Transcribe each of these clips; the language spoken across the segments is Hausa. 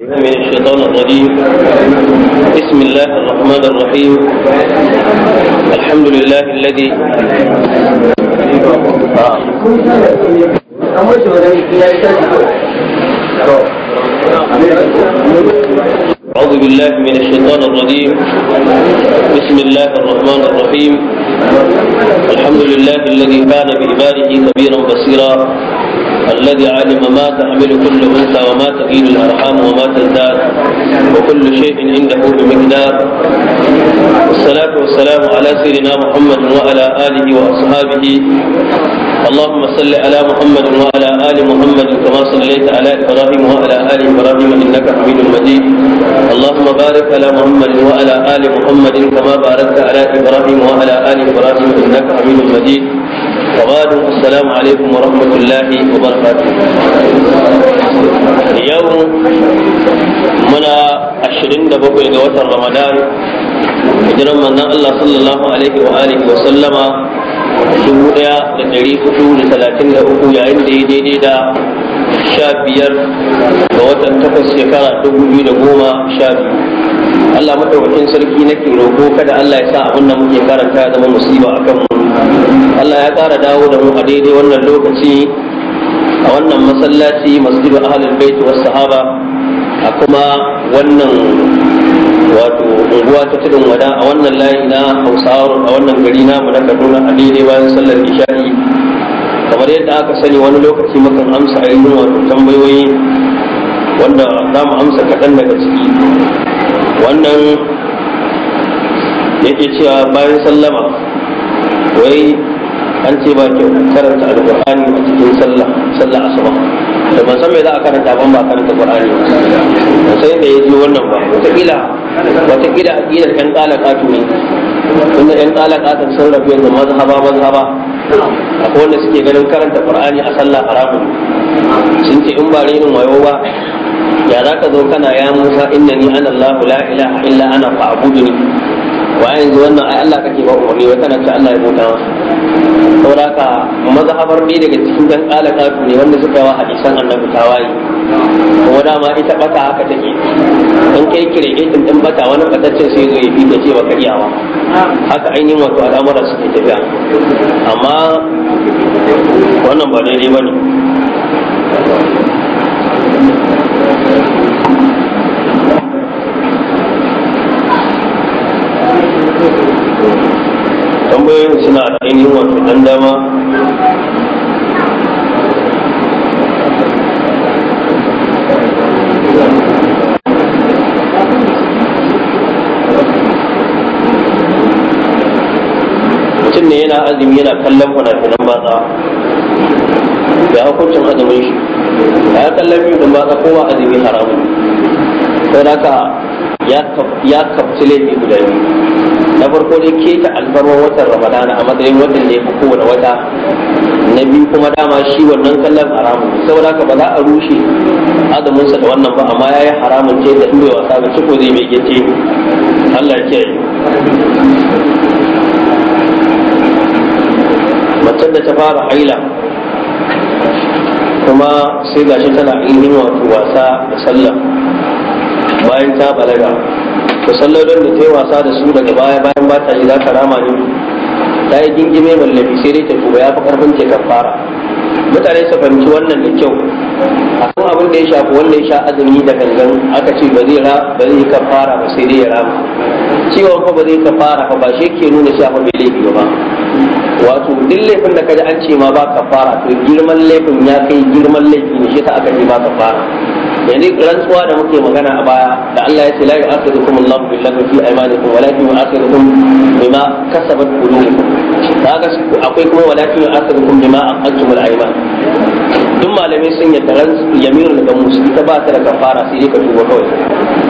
من الشيطان الرجيم بسم الله الرحمن الرحيم الحمد لله الذي أعوذ بالله من الشيطان الرجيم بسم الله الرحمن الرحيم الحمد لله الذي كان بعباده كبيرا بصيرا الذي علم ما تحمل كل انثى وما تغير الارحام وما تزداد وكل شيء عنده بمقدار والصلاه والسلام على سيدنا محمد وعلى اله واصحابه اللهم صل على محمد وعلى ال محمد كما صليت على ابراهيم وعلى ال ابراهيم انك حميد مجيد اللهم بارك على محمد وعلى ال محمد كما باركت على ابراهيم وعلى ال ابراهيم انك حميد مجيد وبعد السلام عليكم ورحمة الله وبركاته اليوم منا عشرين دبقوا إلى وتر رمضان hijiran manzon Allah sallallahu alaihi wa alihi wa sallama dubu daya da dari hudu da talatin da uku yayin da ya daidai da sha biyar ga watan takwas shekara dubu biyu da goma sha biyu Allah madaukakin sarki nake roƙo kada Allah ya sa abin da muke karanta ya zama musiba a kanmu Allah ya ƙara dawo da mu a daidai wannan lokaci a wannan masallaci masjidu ahlul bait was sahaba a kuma wannan wato unguwa ta tudun wada a wannan layi na Hausawa a wannan gari na mu na Kaduna a daidai bayan sallar isha'i kamar yadda aka sani wani lokaci mukan amsa ainihin wato tambayoyi wanda za mu amsa kaɗan daga ciki wannan yake cewa bayan sallama wai an ce ba kyau karanta alƙur'ani a cikin sallah sallah asuba da ban san me za a karanta ban ba karanta qur'ani ba sai da yaji wannan ba wataƙila wataƙila aqidar ƙalaƙa tu ne tunda ƴan talaqatan sun rabu yanzu mazhaba mazhaba akwai wanda suke ganin karanta qur'ani a sallah haramun sun ce in ba rainin wayo ba ya za ka zo kana ya musa inna ni ana allahu la ilaha illa ana fa abuduni wa yanzu wannan ai allah kake ba umarni wata na ce allah ya bauta masa saboda haka mazhabar ne daga cikin dan kafu ne wanda suka wa hadisan annabi tawaye kuma dama ita bata haka take in kai kireketin din bata wani fatacin sai zo ya fi ce baka iyawa haka ainihin wato al'amuran suke tafiya amma wannan ba daidai ba ne tambayoyin suna ainihin wato dan dama mutum ne yana azumi yana kallon fina-finan batsa da hukuncin azumin shi a ya kallon fina batsa kowa azumi haramun sai da ya kafci laifi guda biyu na farko dai keta alfarwa watan ramadana a matsayin watan da ya fi kowane wata na biyu kuma dama shi wannan kallon haramun saboda ka ba za a rushe azuminsa da wannan ba amma ya yi haramun ce da inda wasa ga ciko zai mai gece Allah ya matan da ta fara aila kuma sai gashi tana ilimin wasa da sallah bayan ta balaga to sallolin da ta yi wasa da su daga baya bayan ba ta yi za ka rama ne ta yi gingime mallafi sai dai ta tuba ya fi karfin ke kafara mutane su fahimci wannan da kyau a kan abin da ya shafi wanda ya sha azumi da gangan aka ce ba zai ba zai kafara ba sai dai ya rama ciwon fa ba zai kafara fa ba shi ke nuna shi abin bai laifi ba wato duk laifin da ka ji an ce ma ba fara? to girman laifin ya kai girman laifi ne shi ta aka ce ba kafara yanzu rantsuwa da muke magana a baya da Allah ya ce la yu'akhidukum Allahu bil lagwi fi aymanikum walakin yu'akhidukum bima kasabat qulubukum kaga akwai kuma walakin yu'akhidukum bima aqadtum al ayman duk malamai sun yadda yaminul musu ita ba ta da kafara sai dai ka tuba kawai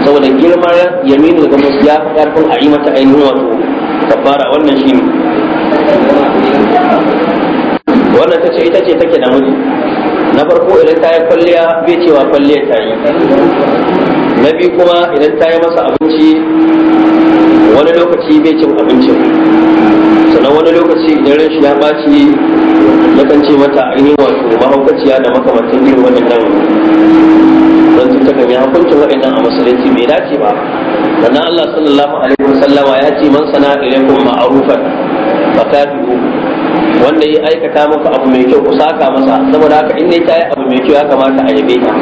saboda girman yaminul musu ya fi karfin a ta ainihin wato kafara wannan shi ne wannan ta ce ita ce take da miji na farko idan ta yi kwalliya bai cewa kwalliya ta yi na biyu kuma idan ta yi masa abinci wani lokaci bai cin abincin sannan wani lokaci idan ran shi ya baci ya kan ce mata ainihin wato mahaukaciya da makamantan irin waɗannan don tun kan yi hakuncin waɗannan a musulunci bai dace ba sannan Allah sallallahu alaihi wasallama ya ce man sana ilaikum ma'rufan fa tabi'u wanda ya aikata maka abu mai kyau ku saka masa saboda haka in dai ta yi abu mai kyau ya kamata a yabe ta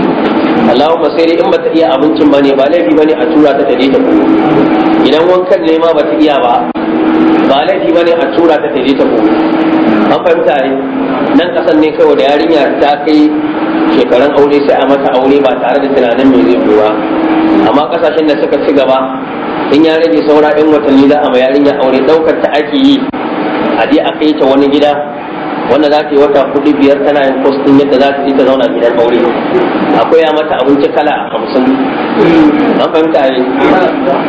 Allahumma sai dai in bata iya abincin bane ba laifi bane a tura ta taje ta koyo idan wankan ne ma bata iya ba ba laifi bane a tura ta taje ta koyo an fahimta ne nan kasan ne kawai da yarinya ta kai shekarun aure sai a mata aure ba tare da tunanin mai zai ba amma kasashen da suka ci gaba in ya rage saura yan watanni za a ma yarinya aure daukar ta ake yi a je a kai ta wani gida wanda za ta yi wata kudi biyar tana yin kostin yadda za ta ita ta zauna gidan aure Akwai ya mata abinci kala hamsin an fahimta ne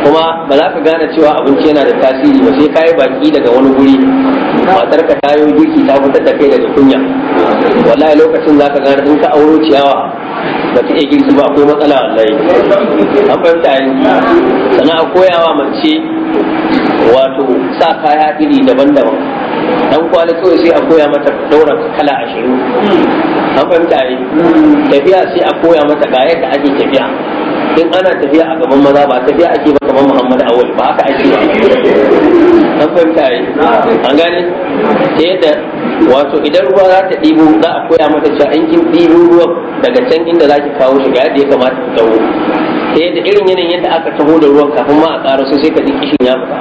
kuma ba za ka gane cewa abinci yana da tasiri ba sai ka yi baki daga wani guri matar ka ta yi girki ta fitar da kai daga kunya wallahi lokacin za ka gane in ka auro ciyawa ba ta iya girki ba akwai matsala wallahi an fahimta ne sana'a koyawa mace wato sa kaya iri daban-daban dan kwali kawai sai a koya mata daura kala ashirin an fahimta yi tafiya sai a koya mata ga yadda ake tafiya in ana tafiya a gaban maza ba tafiya ake ba kamar muhammadu awal ba haka ake ba an fahimta yi an gane ta yadda wato idan ruwa za ta ɗibo za a koya mata cewa an kin ɗibo ruwa daga can inda za ki kawo shi ga yadda ya kamata ki dawo da yadda irin yanayin yadda aka taho da ruwan kafin ma a ƙara sai sai ka ji kishin ya fita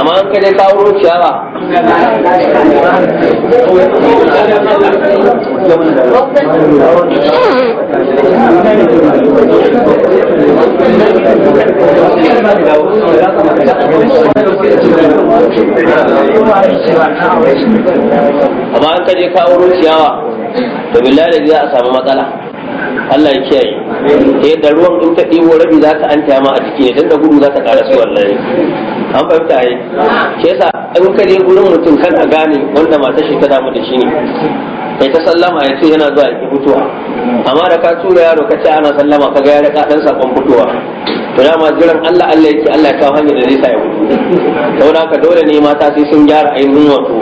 amma an ka dai kawo ciyawa amma an ka je kawo ruwan ciyawa to billahi da za a samu matsala Allah ya kiyaye ta yadda ruwan in ka ɗebo rabi za ta anta ma a jiki ne don da gudu za ta ƙara su wallahi an fahimta yi ke sa in ka je gurin mutum a gane wanda matar shi ta damu da shi ne kai ta sallama ya ce yana zuwa ki fitowa amma da ka tura yaro ka ce ana sallama ka ga ya rika dan sakon fitowa to dama jiran Allah Allah yake Allah ya kawo hanyar da zai sa ya fito saboda haka dole ne mata sai sun gyara ainihin wato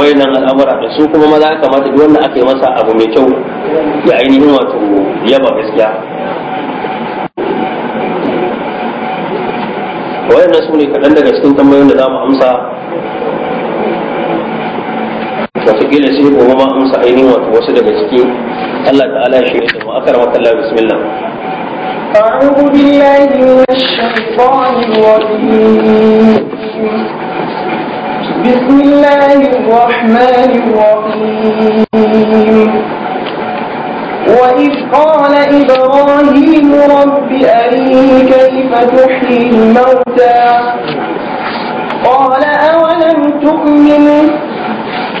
wayannan al'amura da su kuma maza ya kamata duk wanda aka yi masa abu mai kyau ya ainihin wato yaba gaskiya wayannan su ne kaɗan daga cikin tambayoyin da za mu amsa wataƙila sai gobe ma amsa ainihin wato wasu daga ciki Allah ta'ala shi ne da mu akar makalla bismillah أعوذ بالله من الشيطان الرجيم بسم الله الرحمن الرحيم وإذ قال إبراهيم رب أريني كيف تحيي الموتى قال أولم تؤمن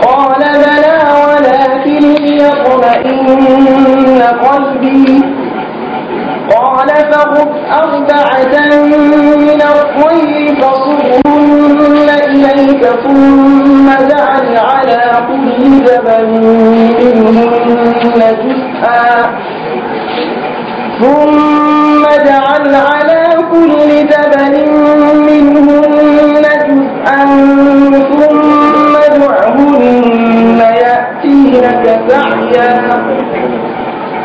قال بلى ولكن ليطمئن قلبي قال فخذ أربعة من الطير فصرها إليك ثم دعني على كل جبل منهن جزءا ثم اجعل على كل جبل منهن جزءا ثم ادعهن يأتينك سعيا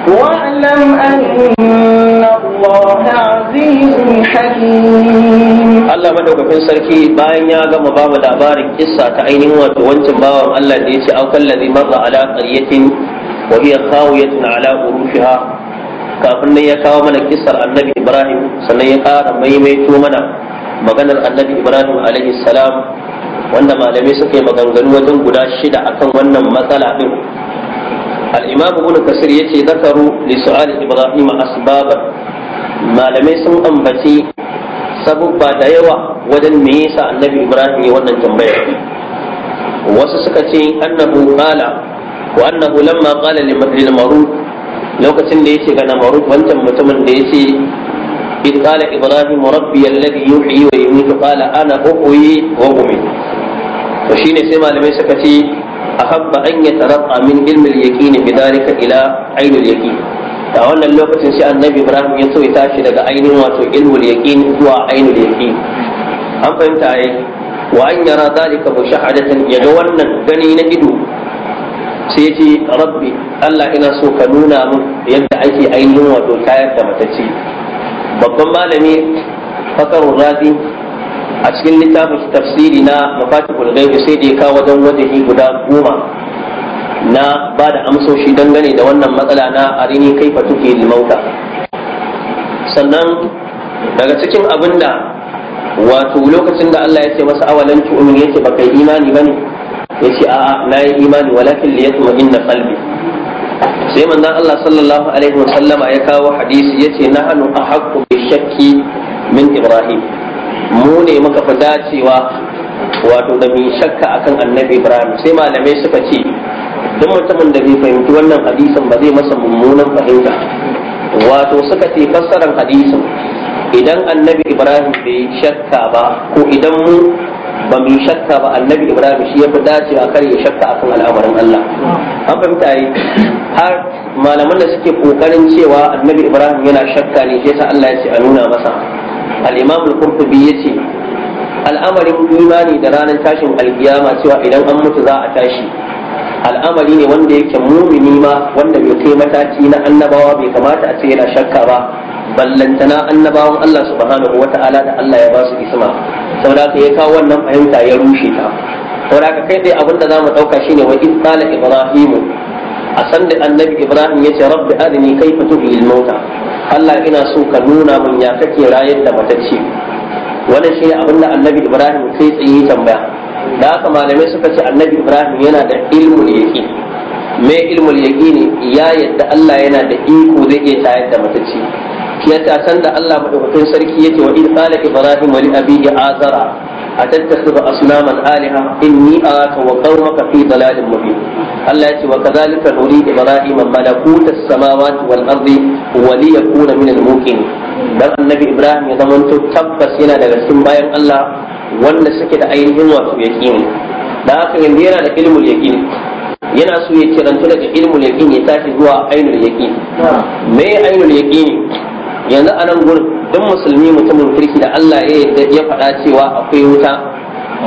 واعلم أن allah عزيز madaukakin sarki bayan ya gama babu labarin kissa ta ainihin wato wancan bawan Allah da yace aukan kallazi marra ala qaryatin wa hiya khawiyatun ala urushiha kafin nan ya kawo mana kissar annabi Ibrahim sannan ya ƙara maimaito mana maganar annabi Ibrahim alaihi salam wanda malamai suka yi maganganu wajen guda shida akan wannan matsala din الإمام kasir كثير يتي ذكروا لسؤال ibrahim أسبابا malamai sun ambaci sabubba da yawa wajen me yasa annabi ibrahim ya wannan tambaya wasu suka ce annahu qala wa annahu lamma qala li lokacin da yace ga namaru wancan mutumin da yace in qala ibrahim rabbi alladhi yuhyi wa yumiitu qala ana uhyi wa umiitu to shine sai malamai suka ce ahabba an yatarabba min ilmi al-yaqin bidalika ila ayyul yaqin a wannan lokacin shi annabi ibrahim ya so ya tashi daga ainihin wato ilmul yaqin zuwa ainul yaqin an fahimta ai wa an yara zalika mushahadatan yaga wannan gani na ido sai ya ce rabbi allah ina so ka nuna min yadda ake ainihin wato tayar da matacce babban malami fakarun razi a cikin littafin tafsiri na mafatihul ghaibi sai da ya kawo wajen wajahi guda goma na ba da amsoshi dangane da wannan matsala na arini fa tuke limauta sannan daga cikin abinda, da wato lokacin da Allah ya ce masa awalan tu'min yake baka yi imani bane yace a'a na yi imani walakin li inna qalbi sai manzon Allah sallallahu alaihi wasallama ya kawo hadisi yace nahnu ahaqqu bi shakki min ibrahim mu ne muka fi dacewa wato da mai shakka akan annabi ibrahim sai malamai suka ce duk mutumin da bai fahimci wannan hadisin ba zai masa mummunan fahimta wato suka ce fassarar hadisin idan annabi ibrahim bai shakka ba ko idan mu ba mu shakka ba annabi ibrahim shi ya fi dacewa kar ya shakka akan al'amarin allah an fahimta yi har malaman da suke kokarin cewa annabi ibrahim yana shakka ne sai allah ya ce a nuna masa al-imam al-qurtubi yace al'amarin imani da ranar tashin alkiyama cewa idan an mutu za a tashi al'amari ne wanda yake mumini ma wanda bai kai mataki na annabawa bai kamata a ce yana shakka ba ballantana annabawan Allah subhanahu wata'ala da Allah ya ba su isma saboda ya kawo wannan fahimta ya rushe ta saboda kai dai abin da zamu dauka shine wa in ibrahimu a sanda annabi ibrahim yace rabbi arini kaifa tuhyi al-mauta Allah ina so ka nuna mun ya kake rayar da matacce wannan shine abin da annabi ibrahim kai tsaye tambaya da haka malamai suka ce annabi ibrahim yana da ilmul yaqin me ilmul yaqini ya yadda Allah yana da iko zai iya tayar da matacci shi ta san da Allah madaukakin sarki yake wa in qala ibrahim wa li abihi azara أتتخذ أصناما آلهة إني أراك وقومك في ضلال مبين الله يتي وكذلك نري إبراهيم ملكوت السماوات والأرض وليكون من الموقنين dan annabi Ibrahim ya zamanto tabbas yana daga cikin bayan Allah wanda suke da ainihin wato yaqini da haka yanzu yana da ilmul yaqini yana so ya kirantu daga ilmul yaqini ya tashi zuwa ainul yaqini me ainul yaqini yanzu a nan gurin duk musulmi mutumin kirki da Allah ya faɗa cewa akwai wuta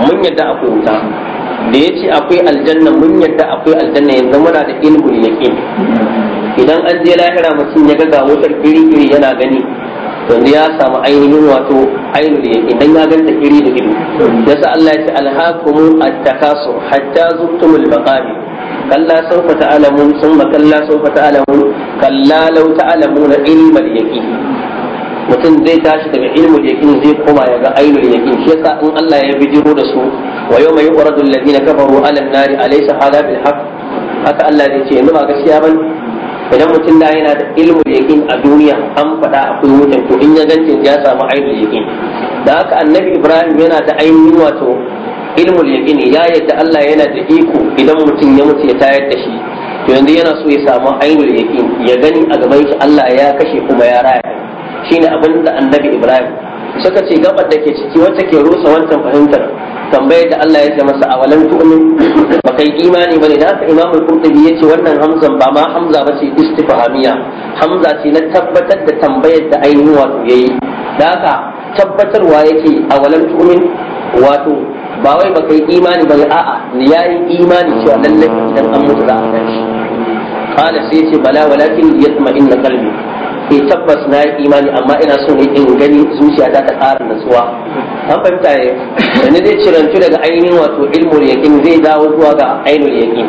mun yadda akwai wuta da ya ce akwai aljanna mun yadda akwai aljanna yanzu muna da ilmul yaqin idan an je lahira mutum ya ga wutar iri-iri yana gani yanzu ya samu ainihin wato ainul yaqin idan ya ganta iri da iri sa Allah ya ce alhaakum at-takasur hatta zuktumul maqabir kalla ta alamu, sun thumma kalla sawfa ta'lamun kalla law ta'lamuna ilmal yaqin mutum zai tashi daga ilmu yakin zai koma ya ga yakin, shi yasa in Allah ya bijiro da su wa mai yuqradu na kafaru ala an-nari alaysa hada bil haqq haka Allah zai ce yanzu ba gaskiya bane idan mutum da yana da ilmu yakin a duniya an faɗa akwai wutan to in ya gantin ya samu ainihin yakin. da haka annabi Ibrahim yana da ainihin wato ilmul yakin ya yadda Allah yana da iko idan mutum ya mutu ya tayar da shi to yanzu yana so ya samu ainihin yakin, ya gani a gaban shi Allah ya kashe kuma ya raya shine abin da annabi ibrahim suka ce gabar da ke ciki wacce ke rusa wancan fahimtar tambayar da Allah ya ce masa awalan tu'min ba kai imani bane da haka imamul qurtubi yace wannan hamzan ba ma hamza bace istifhamiya hamza ce na tabbatar da tambayar da ainihin wato yayi da haka tabbatarwa yake walan tu'min wato ba wai ba kai imani bane a'a ne yayi imani cewa lallai idan an mutu za a tashi qala sai ce bala walakin yatma'inna qalbi ke eh, tabbas na yi imani amma ina so ne in gani zuciya ta ta ƙara nutsuwa. an fahimta ne wani zai cirantu daga ainihin wato ilmul yaƙin zai dawo zuwa ga da yaƙin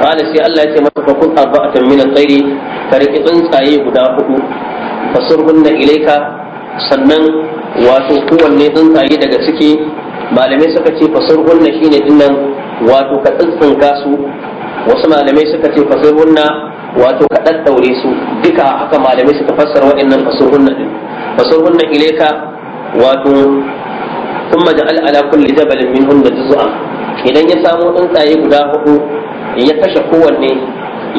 qala sai Allah ya ce masa fakun arba'atan min al-tayri ka riƙe tsuntsaye guda hudu fasurhunna ilaika sannan wato kowanne tsuntsaye daga ciki malamai suka ce fasurhunna shine dinnan wato ka tsintsinka su wasu malamai suka ce fasurhunna wato ka daddaure su duka haka malamai suka fassara waɗannan fasurhunna din fasurhunna ilaika wato kuma da ala kulli jabalin minhunna idan ya samu tsuntsaye guda hudu ya kashe kowanne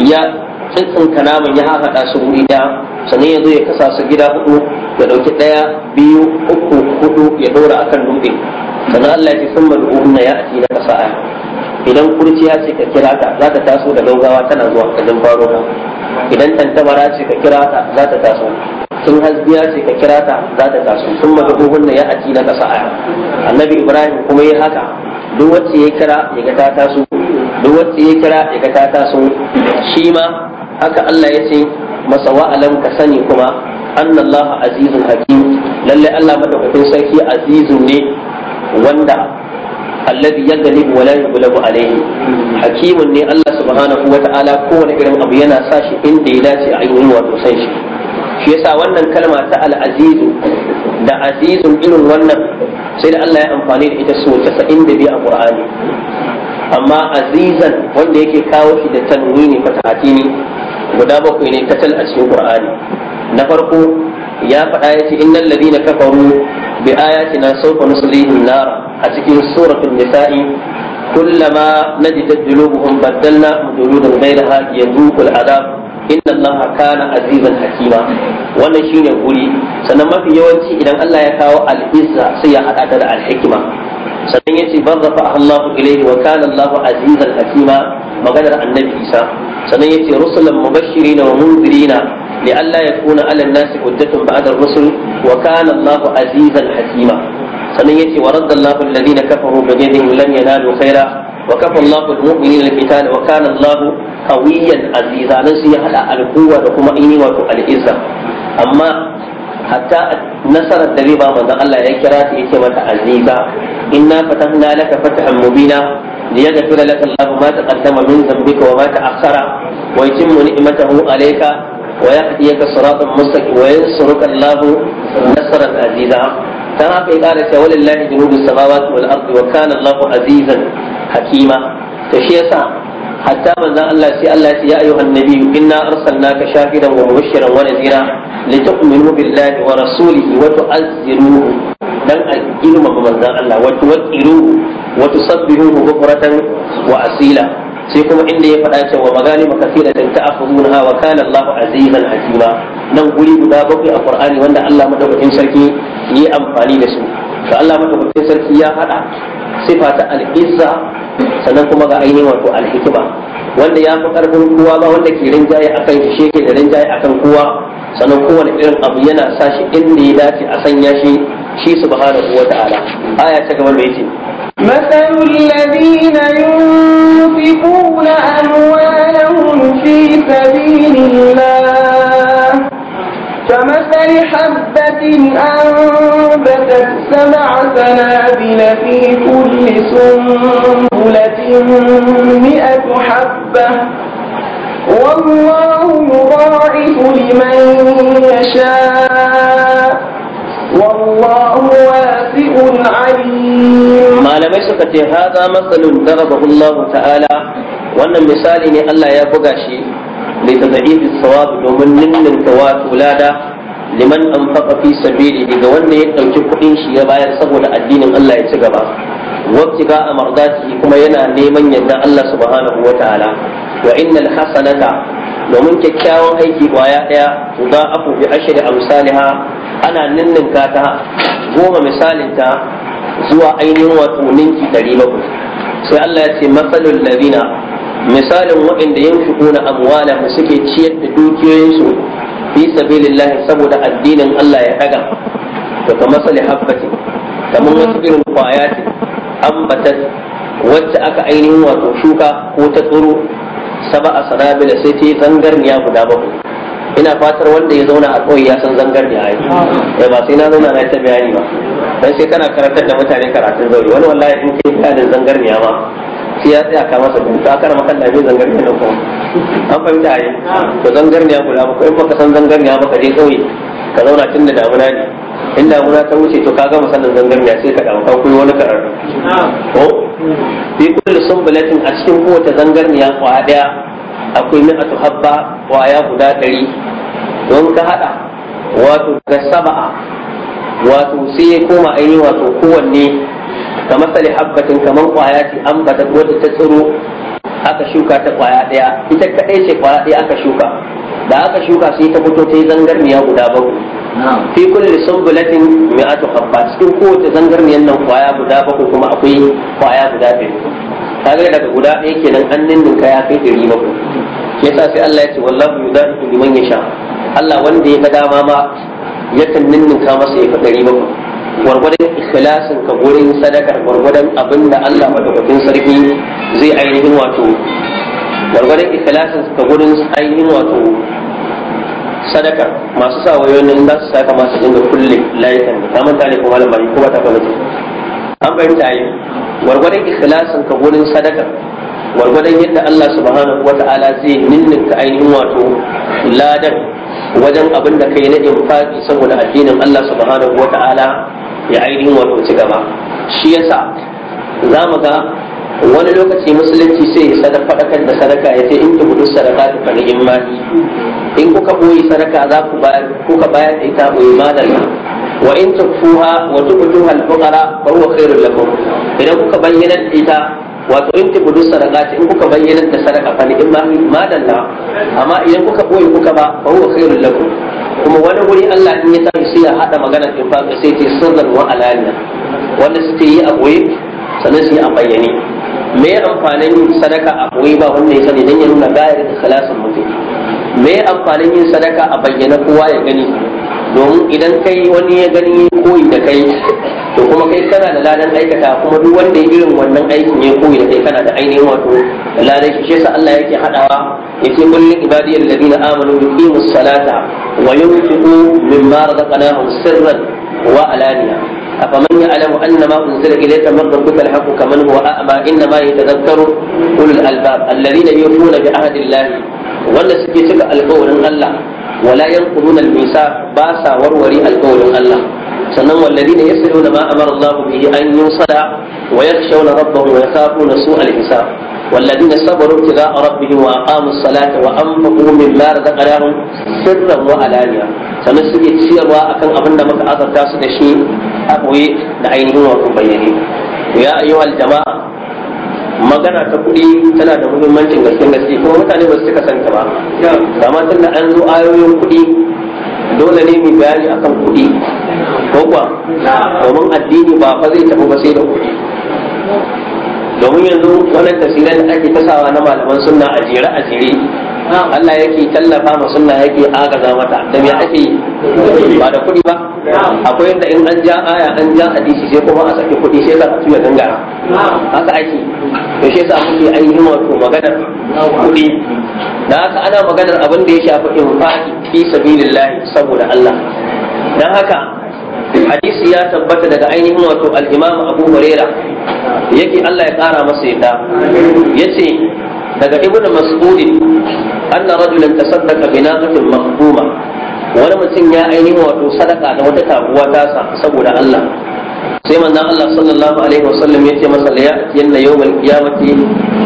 ya tsintsinka naman ya haɗa su guri ɗaya sannan ya zo ya kasa su gida hudu ya dauki daya biyu uku hudu ya dora akan dutse sannan Allah ya ce sun madu'uhunna ya ati na kasa'a idan kurciya ce ka kira ta za ta taso da gaugawa tana zuwa kallon baro ka idan tantabara ce ka kira ta za ta taso sun hasbiya ce ka kira ta za ta taso sun mazubuhun na ya aji na kasa aya annabi ibrahim kuma ya haka duk wacce ya kira ya ga ta taso duk wacce ya kira ya ga ta taso shi ma haka allah ya ce masa wa'alam ka sani kuma allah azizun hakim lallai allah madaukakin sarki azizun ne wanda alladhi yaghlibu wa la yughlabu alayhi hakimun ne Allah subhanahu wa ta'ala kowane irin abu yana sa shi inda ya dace a ainihin wato san shi shi yasa wannan kalma ta al-azizu da azizun irin wannan sai da Allah ya amfani da ita sa'in da biyu a Qur'ani amma azizan wanda yake kawo shi da tanwini fatahati ne guda bakwai ne kacal a cikin Qur'ani na farko ya faɗa ya ce innal ladina kafaru bi ayatina sawfa nuslihim nar a cikin suratul nisa'i kullama najidat julubuhum badalna juludan ghayraha yadhuqu al'adab inna allaha kana azizan hakima wannan shine guri sannan mafi yawanci idan Allah ya kawo al-izza sai ya hada ta da al-hikma sannan yace barzafa Allahu ilayhi wa kana Allahu azizan hakima maganar annabi Isa sannan yace rusulan mubashirina wa munzirina لئلا يكون على الناس حجة بعد الرسل وكان الله عزيزا حكيما sannan yace wa raddallahu alladhina kafaru bi yadihim lam yanalu khaira wa da Allahu al-mu'minina al-qitala wa kana Allahu qawiyyan aziza nan sai hada al-quwwa da kuma ini wato al-izza amma hatta nasarar da riba ba Allah ya kira ta yace mata aziza inna fatahna laka fatahan mubina liyaghfira laka Allahu ma taqaddama min dhanbika wa ma ta'akhkhara wa yutimmu ni'matahu alayka ويهديك صراطا مستقيما وينصرك الله نصرا عزيزا dan haka ya ƙara cewa lillahi junubu samawati wal ardi wa kana Allahu azizan hakima to shi yasa hatta manzon Allah sai Allah ya ya ayyuhan nabiyyu inna arsalnaka shahidan wa wa rasulihi dan a girmama manzon Allah wa tuwaqqiruhu wa tusabbihuhu bukratan wa asila sai kuma inda ya faɗa cewa magalim kathiratan ta'khudunha wa kana Allahu azizan hakima nan guri guda bakwai a Qur'ani wanda Allah madaukakin sarki yi amfani da su to Allah madaukakin sarki ya faɗa sifa ta al-izza sannan kuma ga ainihin wato al-hikma wanda ya fi karfin kowa ba wanda ke rinjaye akan shi sheke da rinjaye akan kowa sannan kowane irin abu yana sa shi inda ya dace a sanya shi shi subhanahu wa ta'ala aya ta gaba mai ce مثل الذين ينفقون ينفقون أموالهم في سبيل الله كمثل حبة أنبتت سبع سنابل في كل سنبلة مئة حبة والله يضاعف لمن يشاء suka ce haza masalun darabahu Allah ta'ala wannan misali ne Allah ya buga shi mai tadaidi sawab domin ninnin wato lada liman anfaqa fi sabili daga wanda ya ɗauki kuɗin shi ya bayar saboda addinin Allah ya ci gaba wabti ga amardati kuma yana neman yadda Allah subhanahu wa ta'ala wa innal hasanata domin kyakkyawan aiki kwaya daya za aku a ashri amsalha ana ninninka ta goma misalin ta zuwa ainihin wato ninki ɗari bakwai sai Allah ya ce matsalul ladina misalin waɗanda Abuwala da suke ciyar da dukiyoyinsu fi sabilillah saboda addinin Allah ya daga to ka sali habbati kamar wasu irin kwaya ce ambatat wacce aka ainihin wato shuka ko ta tsiro saba a sanabila sai ta yi zangarniya guda bakwai ina fatar wanda ya zauna a ƙauye ya san zangar da yayi eh ba sai na zauna na ta bayani ba dan sai kana karantar da mutane karatun zauri wani wallahi in kai bayanin zangar ne ma sai ya tsaya ka masa bin ka karama kan da zangar ne ko an fahimta ai to zangar ne kula ba in baka san zangar ne ba ka je ƙauye ka zauna tun da damuna ne in damuna ta wuce to ka ga sanin zangar ne sai ka dawo ka koyi wani karatu ko bi kullu sumbulatin a cikin kowace zangar ne ya kwa daya akwai min atu habba kwaya guda ɗari don ka haɗa wato ga saba wato sai ya koma ainihin wato kowanne ka masali habbatin kamar kwaya ce an bata wata ta tsiro aka shuka ta kwaya ɗaya ita kaɗai ce kwaya ɗaya aka shuka da aka shuka sai ta fito ta yi zangarniya guda bakwai fi kulli sunbulatin mi'atu habba cikin kowace zangarniyar nan kwaya guda bakwai kuma akwai kwaya guda biyu kaga daga guda ɗaya kenan an ninninka ya kai ɗari bakwai shi yasa sai Allah ya ce wallahu yudatu liman yasha Allah wanda ya ga dama ma yakan ninninka masa ya fadari ba gwargwadon ikhlasin ka gurin sadakar gwargwadon abin da Allah madaukakin sarki zai ainihin wato gwargwadon ikhlasin ka gurin ainihin wato sadakar masu sa wayoyin za su saka masu dinga kulle layukan da kamar tare kuma malam bai kuma ta fahimta an fahimta yi gwargwadon ikhlasin ka gurin sadakar gwargwadon yadda Allah subhanahu wata'ala zai ninninka ainihin wato ladan wajen abin da kai na infaki saboda addinin Allah subhanahu wata'ala ya ainihin wato ci gaba shi yasa za mu ga wani lokaci musulunci sai ya sadar faɗakar da sadaka ya ce in ki budu sadaka ta fani in in kuka ɓoye sadaka za ku bayar kuka bayar da ita ɓoye madalla wa in tukfuha wa tubutuha al-fuqara fa huwa khairul lakum idan kuka bayyana ita wato in ta budu sadaka in kuka bayyana da sadaka fa in ma madanta amma idan kuka boye kuka ba fa huwa khairul lakum kuma wani guri Allah in ya sa sai ya hada magana in fa sai ta sirran wa alaniya wanda suke yi a boye sannan su yi a bayyane me amfanin sadaka a boye ba wanda ya sani dan ya nuna gayar salasin mutum me amfanin yin sadaka a bayyana kowa ya gani domin idan kai wani ya gani koyi da kai to kuma kai kana da ladan aikata kuma duk wanda ya irin wannan aikin ya koyi da kai kana da ainihin wato ladan shi shi yasa Allah yake hadawa yace kullin ibadiyal ladina amanu yuqimus salata wa yunfiqu mimma razaqnahum sirran wa alaniya أفمن يعلم أن ما أنزل إليك من ربك الحق كمن هو أعمى إنما يتذكر أولو الألباب الذين يوفون بعهد الله ولا سكي سكى القول الله ولا ينقضون الميثاق باسا وروري القول الله sannan wallazi ne sayo ma amara Allah bihi an yusala wa yakhshawna rabban wa yakhafuna su'al hisab والذين صبروا ابتغاء ربهم واقاموا الصلاه وانفقوا مما رزقناهم سرا وعلانيه sannan suke ciyarwa akan abin da muka azarta su da shi a ɓoye da ainihin wato bayyane ya ayyuhal jama'a magana ta kuɗi tana da muhimmancin gaske gaske kuma mutane ba su cika santa ba kama tun an zo ayoyin kuɗi dole ne mu bayani akan kuɗi kuwa domin addini ba fa zai tafi ba sai da kuɗi domin yanzu wannan tasirin da ake tasawa na malaman sunna a jere a jere Allah yake tallafa ma sunna yake agaza mata da me ake yi ba da kuɗi ba akwai yadda in an ja aya an ja hadisi sai kuma a saki kuɗi sai ka tuya gangara haka ake to shi yasa muke ainihin wato maganar kuɗi da haka ana maganar abin da ya shafi infaki fi sabilillah saboda Allah dan haka hadisi ya tabbata daga ainihin wato al-Imam Abu Huraira yake Allah ya kara masa yadda yace daga Ibn Mas'ud anna rajulan tasaddaqa bi naqatin maqduma wani mutum ya ainihin wato sadaka da wata taguwa tasa saboda Allah sai manzo Allah sallallahu alaihi wasallam yace masa ya yanna yawmal qiyamati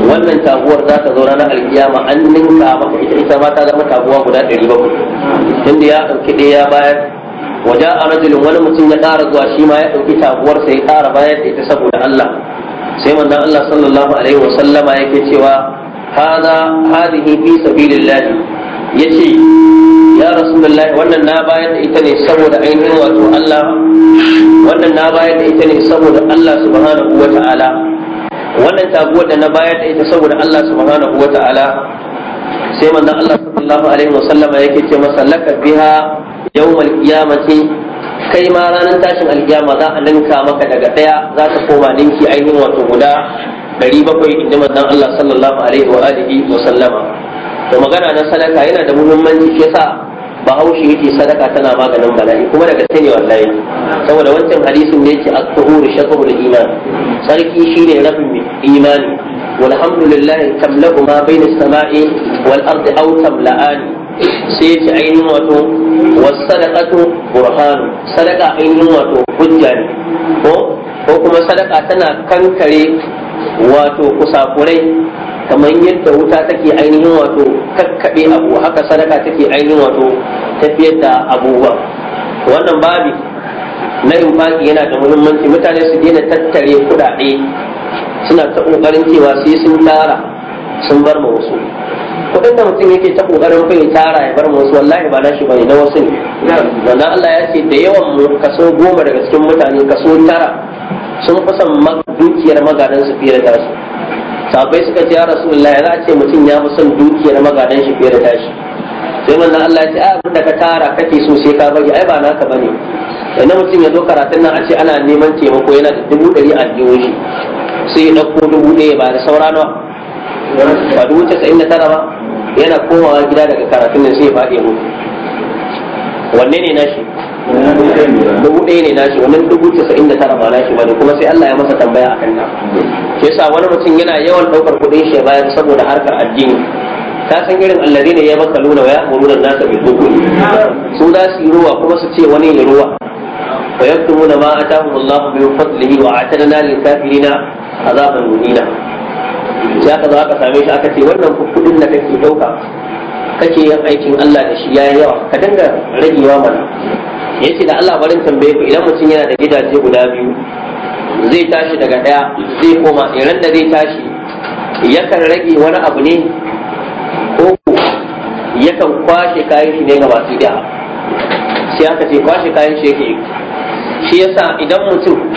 wannan taguwar za ta zo ranar alkiyama an ninka maka ita ita ma ta zama taguwa guda 700 tunda ya dauki ɗaya ya bayar waja a rajulin wani mutum ya ƙara zuwa shi ma ya ɗauki taguwarsa ya ƙara bayar da ita saboda Allah sai manzon Allah sallallahu alaihi wa sallama yake cewa hada hadihi fi sabilillah yace ya rasulullahi wannan na bayar da ita ne saboda ainihin wato Allah wannan na bayar da ita ne saboda Allah subhanahu wa ta'ala wannan taguwar da na bayar da ita saboda Allah subhanahu wa ta'ala sai manzon Allah sallallahu alaihi wa sallama yake ce masa laka biha yawmal qiyamati kai ma ranar tashin alkiyama za a ninka maka daga daya za ta koma ninki ainihin wato guda 700 inda manzon Allah sallallahu alaihi wa alihi wa sallama to magana na sadaka yana da muhimmanci sa yasa bahaushe yake sadaka tana maganin bala'i kuma daga sai ne wallahi saboda wancan hadisin ne yake at-tuhur shatrul iman sarki shine rabin imani walhamdulillah tamla'u ma bayna as-sama'i wal ardi aw tamla'ani sai ya ce ainihin wato wasu sadakatu burhanu sadaka ainihin wato hujja ne ko kuma sadaka tana kankare wato kusakurai kamar yadda wuta take ainihin wato kakkaɓe abu haka sadaka take ainihin wato tafiyar da abubuwa wannan babi na infaki yana da muhimmanci mutane su daina tattare kuɗaɗe suna ta ƙoƙarin cewa sai sun tara sun bar ma wasu Kudin da mutum yake ta ƙoƙarin kai tara ya bar ma wasu wallahi ba na shi bane na wasu ne wanda Allah ya ce da yawan mu kaso goma daga cikin mutane kaso tara sun kusan dukiyar magadan su fiye da tashi. sabai suka ce ya rasulullah ya ce mutum ya fi son dukiyar magadan shi fiye da tashi sai manzon Allah ya ce a abin da ka tara kake so sai ka bari ai ba naka bane idan mutum ya zo karatun nan a ce ana neman taimako yana da dubu ɗari a jiwo shi sai ya ɗauko dubu ɗaya ba da saura nawa ba dubu casa'in da tara ba yana komawa gida daga karatun nan sai ya faɗi mutu wanne ne nashi dubu ɗaya ne nashi wannan dubu casa'in da tara ba nashi ba ne kuma sai Allah ya masa tambaya a kanta shi yasa wani mutum yana yawan ɗaukar kuɗin shi bayan saboda harkar addini ka san irin allazi ne ya baka luna wa ya amuru nasa bi dukuni su za su yi ruwa kuma su ce wani ya ruwa wa yaktumuna ma atahum Allah bi fadlihi wa atadna lil kafirin azaban muhina sai aka zo aka same shi aka ce wannan kuɗin da kake ɗauka kake yin aikin Allah da shi yayi yawa ka dinga ragewa mana yace da Allah barin tambaye ku idan mutum yana da gidaje guda biyu zai tashi daga ɗaya zai koma iran da zai tashi yakan rage wani abu ne ko yakan kwashe kayan shi ne ga masu da sai aka ce kwashe kayan shi yake shi yasa idan mutum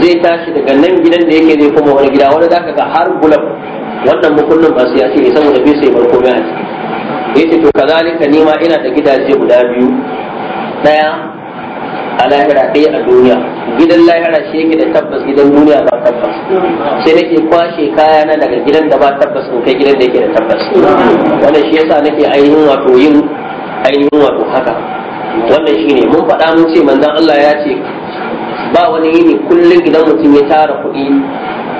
zai tashi daga nan gidan da yake zai koma wani gida wani zaka ga har gulab wannan mukullin ba su ya ce saboda bai sai barko mai aji yace to kazalika nima ina da gidaje guda biyu daya a lahira ɗaya a duniya gidan lahira shi yake da tabbas gidan duniya ba tabbas sai nake kwashe kaya na daga gidan da ba tabbas in kai gidan da yake da tabbas wannan shi yasa nake ainihin wato yin ainihin wato haka wannan shine mun faɗa mun ce manzon Allah ya ce ba wani yini kullum idan mutum ya tara kuɗi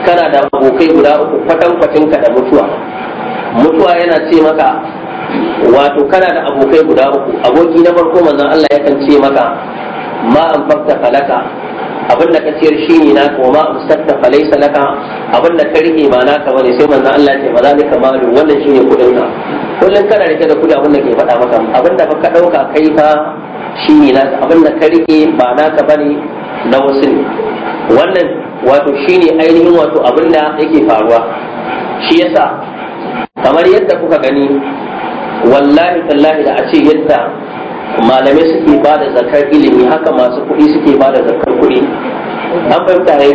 kana da abokai guda uku kwatan ka da mutuwa mutuwa yana ce maka wato kana da abokai guda uku aboki na farko manzon Allah kan ce maka ma an fakta falaka abin da ka ciyar shi ne naka wa ma amsatta falai salaka abin da ka rike ba naka bane sai manzon Allah ya ce ba za ni malu wannan shi ne kudin ka kullun kana rike da kudi abin da ke faɗa maka abin da ka dauka kai fa shi ne naka abin da ka rike ba naka bane na wasu ne wannan wato shine ainihin wato abin da yake faruwa shi yasa kamar yadda kuka gani wallahi tallahi da a ce yadda malamai suke ba da zakar ilimi haka masu kuɗi suke ba da zakar kuɗi an fahimta ne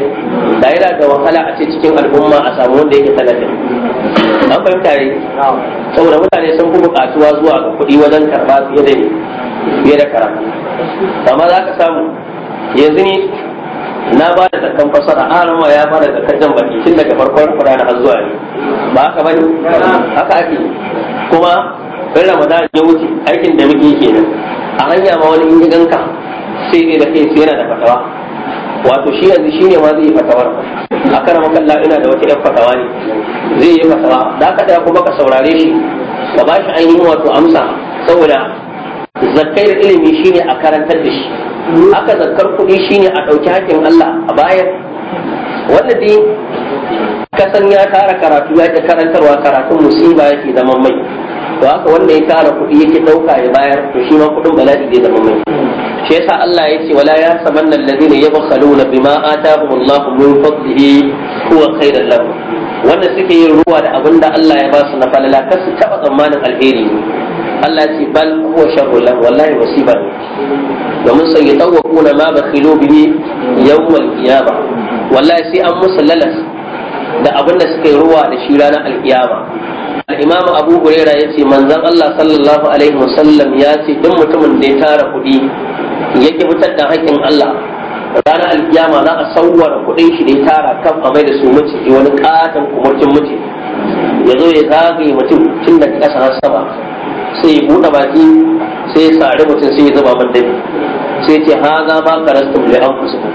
da yana da wahala a ce cikin al'umma a samu wanda yake talatin an fahimta ne saboda mutane sun fi buƙatuwa zuwa ga kuɗi wajen karɓa fiye da fiye da karatu amma za ka samu yanzu ne na ba da zakan fasara arama ya ba da zakan jan baki tun daga farkon kuɗa da zuwa ne ba haka bane haka ake kuma in ramadan ya wuce aikin da muke kenan a hanya ma wani in ya ganka sai ne da kai sai yana da fatawa wato shi yanzu shi ne ma zai yi fatawar a kana makalla ina da wata 'yan fatawa ne zai yi fatawa da aka daya kuma ka saurare shi ka ba shi ainihin wato amsa saboda zakkar ilimi shine a karantar da shi haka zakkar kuɗi shine a ɗauki hakkin Allah a bayar wanda dai kasan ya tara karatu ya karantarwa karatun musiba yake zaman mai to haka wanda ya tara kuɗi yake ɗauka ya bayar to shi ma kuɗin bala'i zai zama mai shi yasa Allah ya ce wala ya samanna alladhina yabkhaluna bima atahum Allah min fadlihi huwa khairan lahum wanda suke yin ruwa da abinda Allah ya ba su na falala kasu su taba tsammanin alheri ne Allah ce bal huwa sharru lahu wallahi wasiba domin sai ya na ma bakhilu bihi yawmal qiyamah wallahi sai an musu lalas da abin da suka yi ruwa da shi ranar alkiyama al-imam abu huraira ya ce manzan Allah sallallahu alaihi wasallam ya ce duk mutumin da ya tara kuɗi yake fitar da haƙƙin Allah ranar alkiyama za a sauwara kuɗin shi da ya tara kan a mai da su mace wani ƙaton kumurcin mace ya zo ya zagaye mutum tun daga ƙasa har sama sai ya buɗe baki sai ya sari mutum sai ya zuba bandai sai ce ha za ma karastum li anfusikum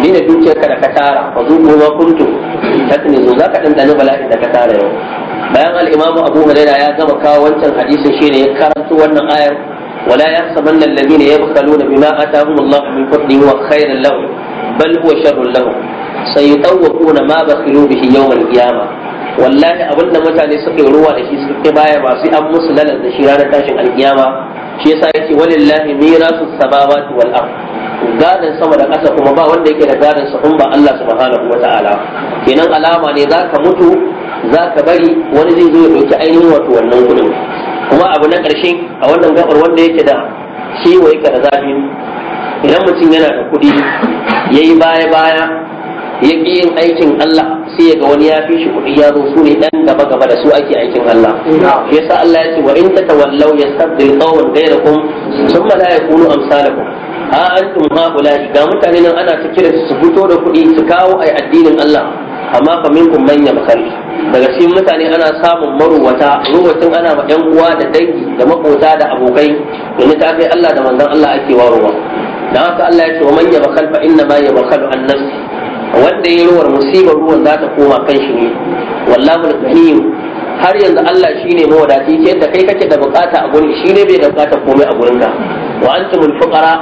ni da dukiyar ka da ka tara ko zuqu ma kuntum taknizu za ka dandane bala'i da ka tara yau bayan al-imamu Abu Hurairah ya gama kawo wancan hadisin shine ya karanto wannan ayar ولا يحسبن الذين يبخلون بما آتاهم الله من فضله هو خير لهم بل هو شر لهم سيطوقون ما بخلوا به يوم القيامة wallahi abin da mutane suka yi ruwa da shi suka baya ba sai an musu lalar da shi ranar tashin alkiyama shi yasa yake walillahi mirasu samawati wal ard gadan sama da ƙasa kuma ba wanda yake da gadan sa ba Allah subhanahu wata'ala kenan alama ne zaka mutu zaka bari wani zai zo ya dauki ainihin wato wannan kuma abu na ƙarshe a wannan gabar wanda yake da wa yake da zafi idan mutum yana da kuɗi yayi baya baya ya yin aikin Allah sai ga wani ya fi shi kuɗi ya zo su ne ɗan gaba gaba da su ake aikin Allah Ya yasa Allah ya ce wa in tatawallaw yastabdil qawman ghayrakum thumma la yakunu amsalakum ha antum haula'i ga mutane nan ana ta kira su fito da kuɗi su kawo a addinin Allah amma fa minkum manya yamkar daga cikin mutane ana samun maruwata ruwatin ana ma yan uwa da dangi da makota da abokai yanzu ta Allah da manzon Allah ake warowa dan haka Allah ya ce wa manya bakal fa inna ma yabkalu an nafsi wanda ya ruwar musibar ruwan za ta koma kan shi ne wallahu ganiyu har yanzu Allah shine mawadaci ce da kai kake da bukata a gurin shine bai da bukata komai a gurin ka wa antumul fuqara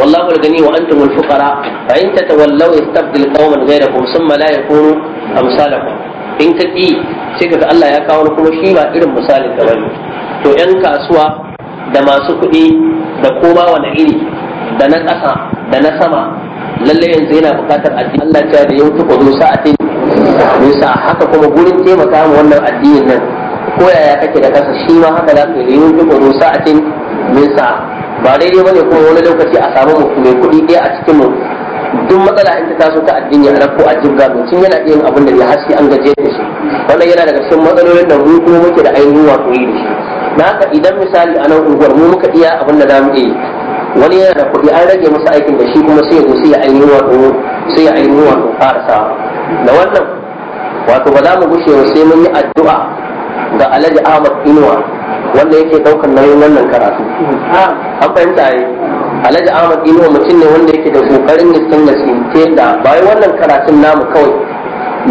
wallahu al-ghani wa antumul fuqara fa in tatawallaw yastabdil qauman ghayrakum thumma la yakunu amsalakum in ka ki sai Allah ya kawo kuma shi ba irin misalin da bane to yan kasuwa da masu kuɗi da koma wani iri da na ƙasa da na sama lalle yanzu yana bukatar addini Allah ta da yau tuko sa'atin min sa haka kuma gurin taimaka mu wannan addinin nan ko yaya kake da kasa shi ma haka za ka yi yau tuko sa'atin min sa ba daidai bane kuma wani lokaci a samu mutum mai kuɗi ɗaya a cikin mu duk matsala in ta taso ta addini a ko a jibga mutum yana iya yin abin da ya haske an gaje da shi wannan yana daga cikin matsalolin da mu kuma muke da ainihin wato yi da shi na haka idan misali a nan unguwar mu muka iya abin da za mu iya wani yana da kuɗi an rage masa aikin da shi kuma sai sai ya ainihin wato sai ya ainihin wato farsa sa da wannan wato ba za mu gushe ba sai mun yi addu'a ga Alhaji Ahmad Inuwa wanda yake daukar nauyin wannan karatu an fahimta yi Alhaji Ahmad Inuwa mutum ne wanda yake da kokarin niskan da ta da bayan wannan karatun namu kawai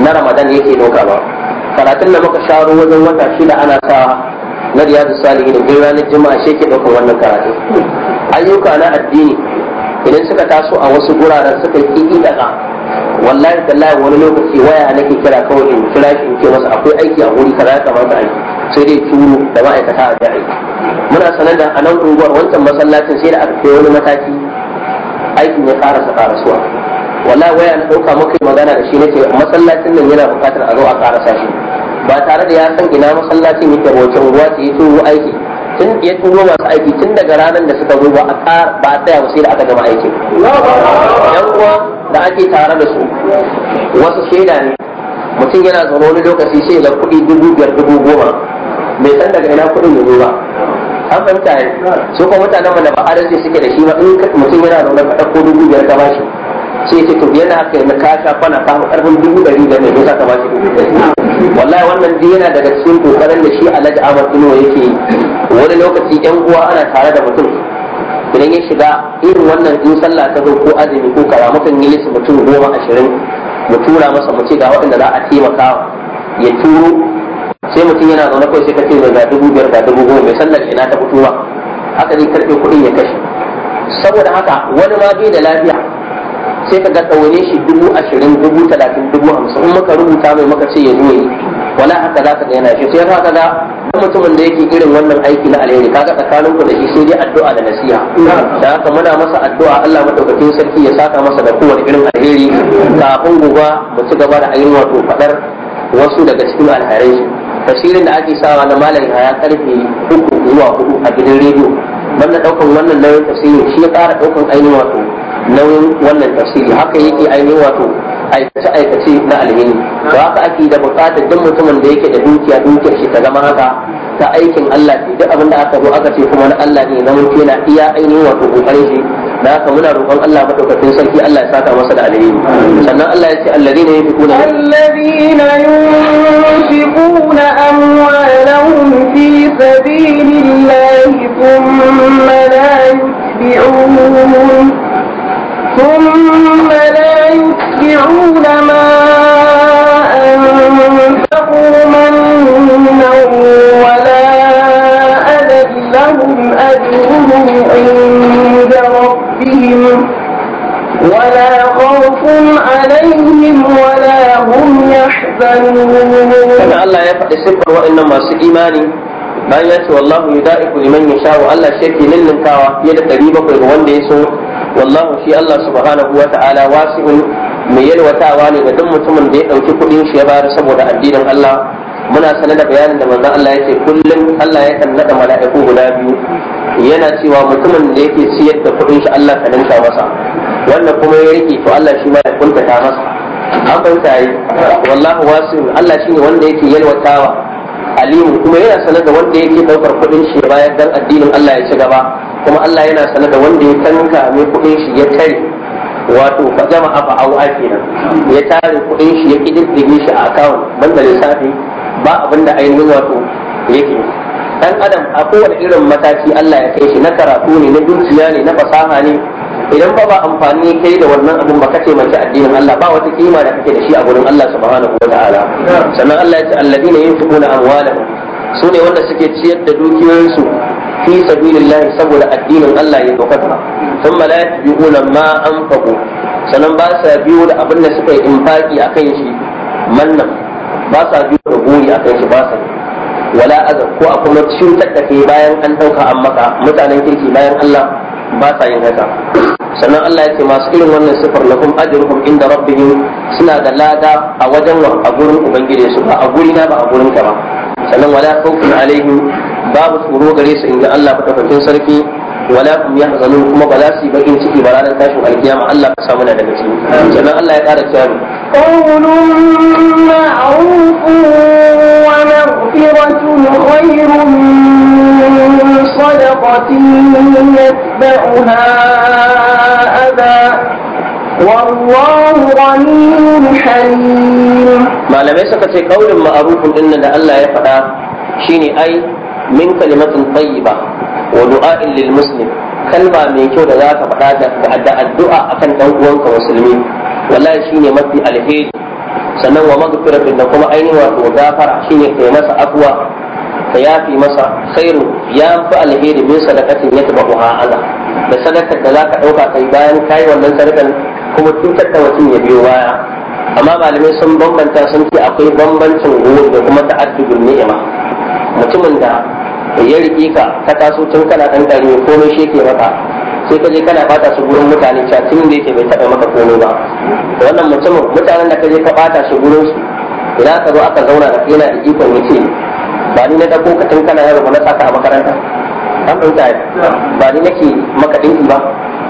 na Ramadan yake dauka ba karatun da muka sharo wajen wata shida ana sa na riyadu salihin da ranar jima'a shi ke daukar wannan karatu ayyuka na addini idan suka taso a wasu guraren suka yi daga wallahi tallahi wani lokaci waya nake kira kawai in kira shi in ce masa akwai aiki a wuri kaza kamar kamata a sai dai turu da ma'aikata a ga aiki muna sanar da a nan unguwar wancan masallacin sai da aka kai wani mataki aikin ya karasa karasuwa wallahi waya na ɗauka muka yi magana da shi nace masallacin nan yana buƙatar a zo a karasa shi ba tare da ya san ina masallacin yake wancan wacce unguwa ce ya turu aiki tun ya turo masu aiki tun daga ranar da suka zo ba a ba a tsaya sai da aka gama aikin yan uwa da ake tare da su wasu shaida ne mutum yana zaune wani lokaci sai ga kuɗi dubu biyar dubu goma bai san daga ina kuɗin ya zo ba an fahimta ne su kuma mutanen da ba adalci suke da shi ba in mutum yana zaune ka ɗauko dubu biyar ka bashi ce ce to yana kai na kasha kwana kawo karfin dubu dari da ne yasa ka ba shi wallahi wannan duk yana daga cikin kokarin da shi Alhaji Ahmad Tino yake yi wani lokaci yan uwa ana tare da mutum idan ya shiga irin wannan in sallah ta zo ko azumi ko kara mukan yi lissu mutum goma ashirin mu tura masa mu ce ga waɗanda za a taimaka ya turo sai mutum yana zaune kawai sai ka ce ga dubu biyar ga dubu goma mai sallar ina ta fito ba haka zai karfe kuɗin ya kashe saboda haka wani ma bai da lafiya sai ka ga ɗaure shi dubu ashirin dubu talatin dubu hamsin in muka rubuta mai maka ce ya zo wala haka za ka ga yana shi sai ka ga mutumin da yake irin wannan aiki na alheri kaga tsakanin ku da shi sai dai addu'a da nasiha da haka muna masa addu'a Allah madaukakin sarki ya saka masa da kowane irin alheri kafin gobe mu ci gaba da ainihin wato fadar wasu daga cikin alherai tasirin da ake sawa na malam ya karfe uku zuwa hudu a gidan rediyo banda daukan wannan nauyin tasirin shi ya kara daukan ainihin wato nauyin wannan tafsiri haka yake ainihin wato aikace-aikace na alhini to haka ake da bukatar duk mutumin da yake da dukiya dukiyar shi ta zama haka ta aikin Allah ne duk abin da aka zo aka ce kuma na Allah ne na mutum yana iya ainihin wato kokarin shi da haka muna roƙon Allah madaukakin sarki Allah ya saka masa da alhini sannan Allah ya ce alladhina yunfiquna alladhina yunfiquna amwalahum fi sabilillahi thumma la yutbi'un ثم لا يتبعون ما أنفقوا منا ولا أذى لهم أجرهم عند ربهم ولا خوف عليهم ولا هم يحزنون كان الله يفعل سفر وإنما سئماني bayan ya ce wallahu yudaiku liman yasha wa Allah shi yake ninninkawa fiye da 700 ga wanda ya so wallahu shi Allah subhanahu wa ta'ala wasi'un mai yalwatawa ne ga duk mutumin da ya ɗauki kuɗin shi ya bayar saboda addinin Allah muna sane da bayanin da manzon Allah yake kullum Allah ya kan nada mala'iku guda biyu yana cewa mutumin da yake siyar da kuɗin shi Allah ka danta masa Wannan kuma ya rike to Allah shi ma ya kunta masa an ta yi wallahu wasi'un Allah shine wanda yake yalwatawa alimu kuma yana sane da wanda yake ɗaukar kuɗin shi ya bayar dan addinin Allah ya ci gaba kuma Allah yana sanar da wanda ya tanka mai kuɗin shi ya tare wato fa zama afa au'a kenan ya tare kuɗin shi ya kididdige shi a akawun banda lissafi ba abin da ainihin wato yake dan adam a kowane irin mataki Allah ya kai shi na karatu ne na dukiya ne na fasaha ne idan ba ba amfani kai da wannan abin ba kace mace addinin Allah ba wata kima da kake da shi a gurin Allah subhanahu wataala sannan Allah ya ce alladina yunfiquna amwalahum su ne wanda suke ciyar da dukiyoyinsu fi sabilillahi saboda addinin Allah ya dokata sun la yatbi'una ma anfaqu sanan ba sa biyo da abin da suka yi infaki akan shi mannan ba sa biyo da buri akan shi ba sa wala azab ko a kuma cutar da kai bayan an dauka an maka mutanen kirki bayan Allah ba sa yin haka sannan Allah ya ce masu irin wannan sifar lahum ajruhum inda rabbihim suna da lada a wajen wa a gurin ubangiji su ba a gurina ba a gurin ka ba sannan wala khawfun alaihim باب الشروع ليس إن الله فتح في ولا هم كما بلا سي بقين سكي بلا نتاش القيامة الله فسامنا لنسي سمع الله يتعالى الكامل قول معروف ومغفرة خير من صدقة يتبعها أذى والله غني حليم ما لم يسكت قول معروف إن لألا يفعل شيني أي min kalimatin tayyiba wa du'a'in lil muslim kalma mai kyau da za ka faɗa da addu'a akan dan uwanka musulmi wallahi shine mafi alheri sannan wa magfiratun da kuma ainihin wato gafara shine kai masa afwa ka yafi masa khairu ya fi alheri min sadaqatin ya ba uha ala da sadakar da zaka dauka kai bayan kai wannan sadakar kuma cutar da mutum ya biyo baya amma malamai sun bambanta sun ce akwai bambancin gowon da kuma ta'addudun ni'ima mutumin da ya riƙe ka ka taso tun kana ɗan ƙarni komai shi ke maka sai ka je kana bata su gurin mutane cewa tun da yake bai taɓa maka komai ba wannan mutumin mutanen da ka je ka bata su gurin su idan ka zo aka zauna da yana da ikon ya ce ba ni na ɗauko ka tun kana yaro ba na saka a makaranta an fahimta ba ni nake maka ɗinki ba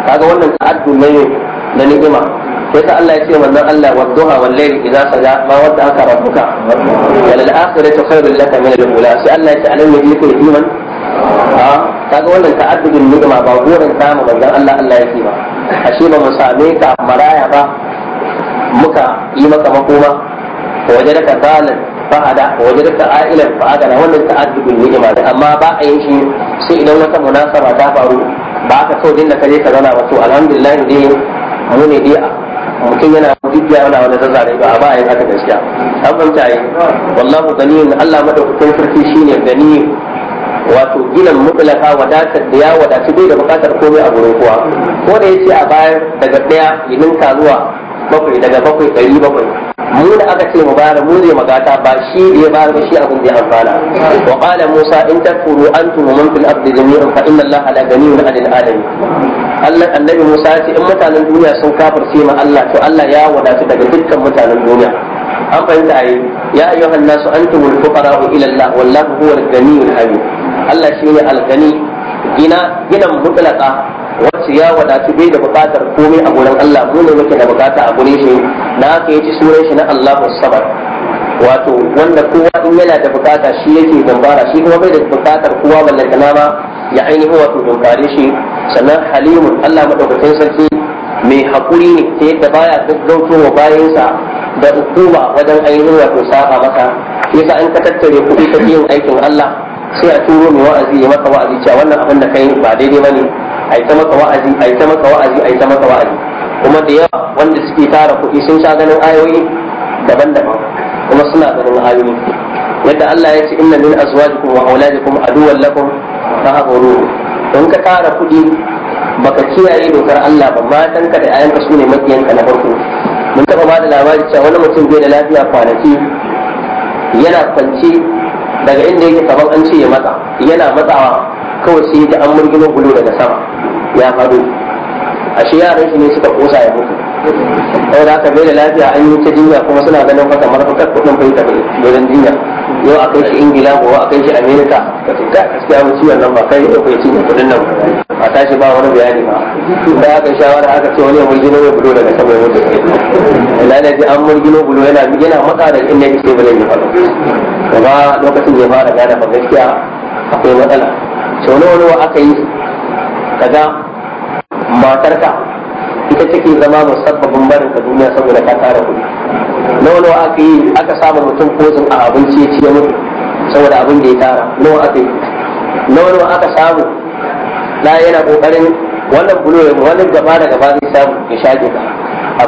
kaga wannan ta'addu ne na ni'ima sai ta Allah ya ce wannan Allah wa duha wal layl idza saja ma wadda aka rabbuka wal akhiratu khairul laka min al ula sai Allah ya ce alam yamliku al iman ha kaga wannan ta'addudin ni'ima ba gurin samu manzon Allah Allah ya ce ba ashe ba mu same ka maraya ba muka yi maka makoma waje da zalan fa'ada waje da a'ilan fa'ada wannan ta'addudin ni'ima amma ba a yin shi sai idan wata munasaba ta faru ba ka so din da kaje ka zauna ba to alhamdulillah dai mu ne dai mutum yana dubiya yana wani zazzare ba ba a yi haka gaskiya an fahimta yi wallahu ganiyun Allah madaukakin sarki shine ganiyun wato ginan mutlaka wadatar da ya wadaci bai da bukatar komai a gurin kowa ko da yace a bayar daga daya yinin zuwa bakwai daga bakwai ɗari bakwai mu da aka ce mu bayar mu zai magata ba shi da ya bayar shi abin da ya amfana wa qala musa in takfuru antum man fil jami'an fa inna allaha la ganiyyun 'anil alamin Allah annabi Musa ya ce in mutanen duniya sun kafirce ma Allah to Allah ya wadatu daga dukkan mutanen duniya an fahimta ayi ya ayyuhan nasu antumul fuqara ila Allah wallahu huwal ganiyul hamid Allah shine al-gani gina ginan mutlaqa wacce ya wadatu bai da bukatar komai a gurin Allah mu ne muke da bukata a gurin shi na haka yace sunan shi na Allahu sabar. wato wanda kowa in yana da bukata shi yake gambara shi kuma bai da bukatar kowa ballanta nama ya ainihin wato dunkare shi sannan halimun Allah madaukakin sarki mai hakuri ne ta yadda baya gaggauto wa bayansa da hukuma wajen ainihin wato saba maka yasa an ka tattare kuɗi ta yin aikin Allah sai a turo mai wa'azi ya maka wa'azi cewa wannan abin da kai ba daidai bane ai ta maka wa'azi ai ta maka wa'azi a yi ta maka wa'azi kuma da yawa wanda suke tara kuɗi sun sha ganin ayoyi daban-daban kuma suna ganin ayoyi yadda Allah ya ce inna min azwajikum wa auladikum aduwwan lakum fahdharu don ka tara kuɗi baka kiyaye dokar Allah ba matan ka da ayanka sune ka na farko mun taba ba da labari cewa wani mutum bai da lafiya kwanaki yana kwance daga inda yake kaman an ce ya matsa yana matsawa kawai sai da an murgino gulo daga sama ya faɗo ashe yaran su ne suka kosa ya mutu kai da aka da lafiya an yi ta jinya kuma suna ganin fa kamar fakar kudin bai da wurin jinya yau a kai shi ingila ko a kai shi amerika ka ce a gaskiya mu ciwon nan ba kai ne kai cinye kudin nan ba. a tashi ba wani bayani ba da aka shawara aka ce wani mun gino bulo daga sama ya mutu ina ji an mun gino bulo yana yana matsa da inda yake bane ya faru kuma lokacin ya fara gane fa gaskiya akwai matsala sau nawa nawa aka yi kaga matarka ita take zama musabbabin barin ka duniya saboda ka tara kuɗi nawa aka yi aka samu mutum kozin a abinci ya ci ya mutu saboda abin da ya tara nawa aka yi nawa aka samu Na yana kokarin wannan bulo ya wannan gaba da gaba zai samu ya shage ka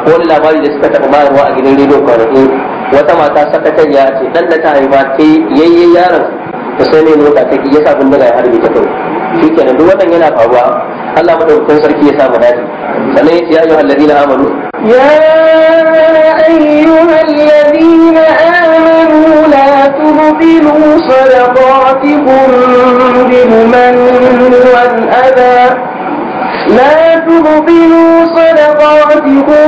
akwai wani labari da suka taɓa bayarwa a gidan rediyo kwanaki wata mata sakatariya ce dan da ta haifa ta yayyen yaron ta sai ne lokaci ya sa bindiga ya harbe ta kai kenan duk wannan yana faruwa Allah madaukakin sarki ya samu dace sannan yace ya ayyuhal ladina amanu ya ayyuhal ladina amanu la tubtilu sadaqatikum بالمن والأذى لا تبطلوا صدقاتكم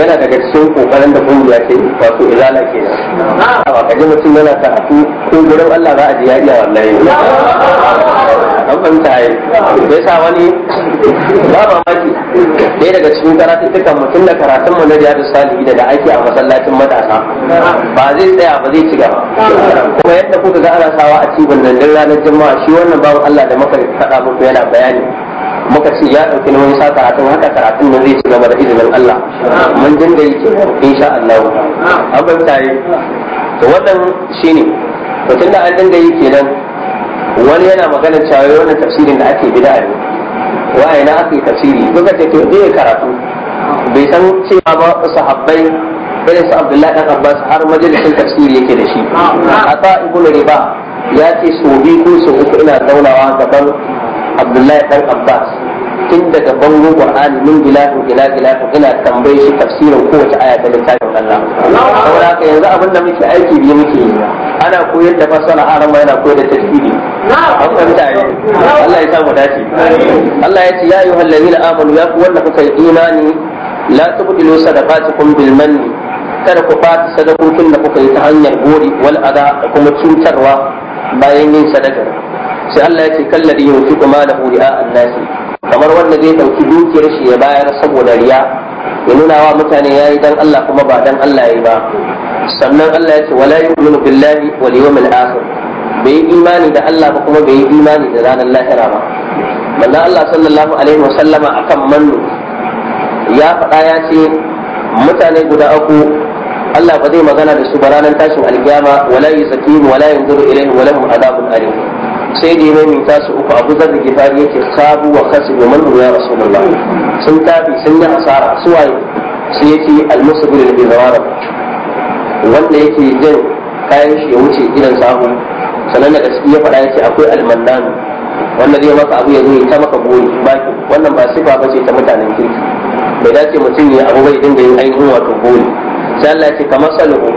yana daga cikin kokarin da kungiya ke wato izala ke a kaji mutum yana ta hafi ko gurin Allah za a ji ya iya wallahi an fahimta yi da yasa wani ba mamaki ɗaya daga cikin karatuttukan mutum da karatun mu na jihadu salihi da da ake a masallacin matasa ba zai tsaya ba zai ci gaba kuma yadda kuka ga ana sawa a cibin nan ranar juma'a shi wannan babu Allah da maka faɗa muku yana bayani muka ce ya ɗauki nauyin sa karatun haka karatun nan zai ci gaba da izinin Allah mun dinga yi insha Allah an fahimta yi to wannan shine to tunda an dinga yi kenan wani yana magana cewa wannan tafsirin da ake bid'a ne waye na ake tafsiri kuka ce to zai karatu bai san cewa ba sahabbai irin su Abdullahi dan Abbas har majalisin tafsiri yake da shi a ata ibnu riba ya ce so biyu ko so uku ina zaunawa gaban Abdullahi dan Abbas tun daga bangon qur'ani min gilafin gila gilafin ina tambaye shi tafsirin kowace aya ta littafin Allah saboda haka yanzu abin da muke aiki biyu muke yi ana koyar da fasara arama yana koyar da tafsiri an fahimta ne Allah ya mu dace Allah ya ce ya yi ayyuhal ladina amanu ya fi wanda kuka yi imani la da sadaqatukum bil manni kada ku bata sadakokin da kuka yi ta hanyar gori wal aza. da kuma cutarwa bayan yin sadakar sai Allah ya ce kalladi yunfiqu malahu ri'a an-nasi kamar wanda zai ɗauki dukiyar shi ya bayar saboda riya ya nuna wa mutane ya yi dan Allah kuma ba dan Allah ya yi ba sannan Allah ya ce wala yu'minu billahi wal yawmil akhir bai yi imani da Allah ba kuma bai yi imani da ranar lahira ba manzo Allah sallallahu alaihi wasallama akan mannu ya faɗa ya ce mutane guda uku Allah ba zai magana da su ba ranar tashin alkiyama wala yuzakihim wala yanzuru ilaihim wa lahum adabun alim sai da ya minta su uku abu zar gifari yake sabu wa kasu da manu ya rasulullah sun tafi sun yi asara su suwaye su yake almusubil da bizawara wanda yake jin kayan shi ya wuce gidan sahu sannan da ya faɗa yake akwai almannan wanda zai maka abu ya zo ta maka goyi baki wannan ba sifa ba ce ta mutanen kirki bai dace mutum ya abu bai dinga yin ainihin wato goyi sai Allah ya ce kamar salihu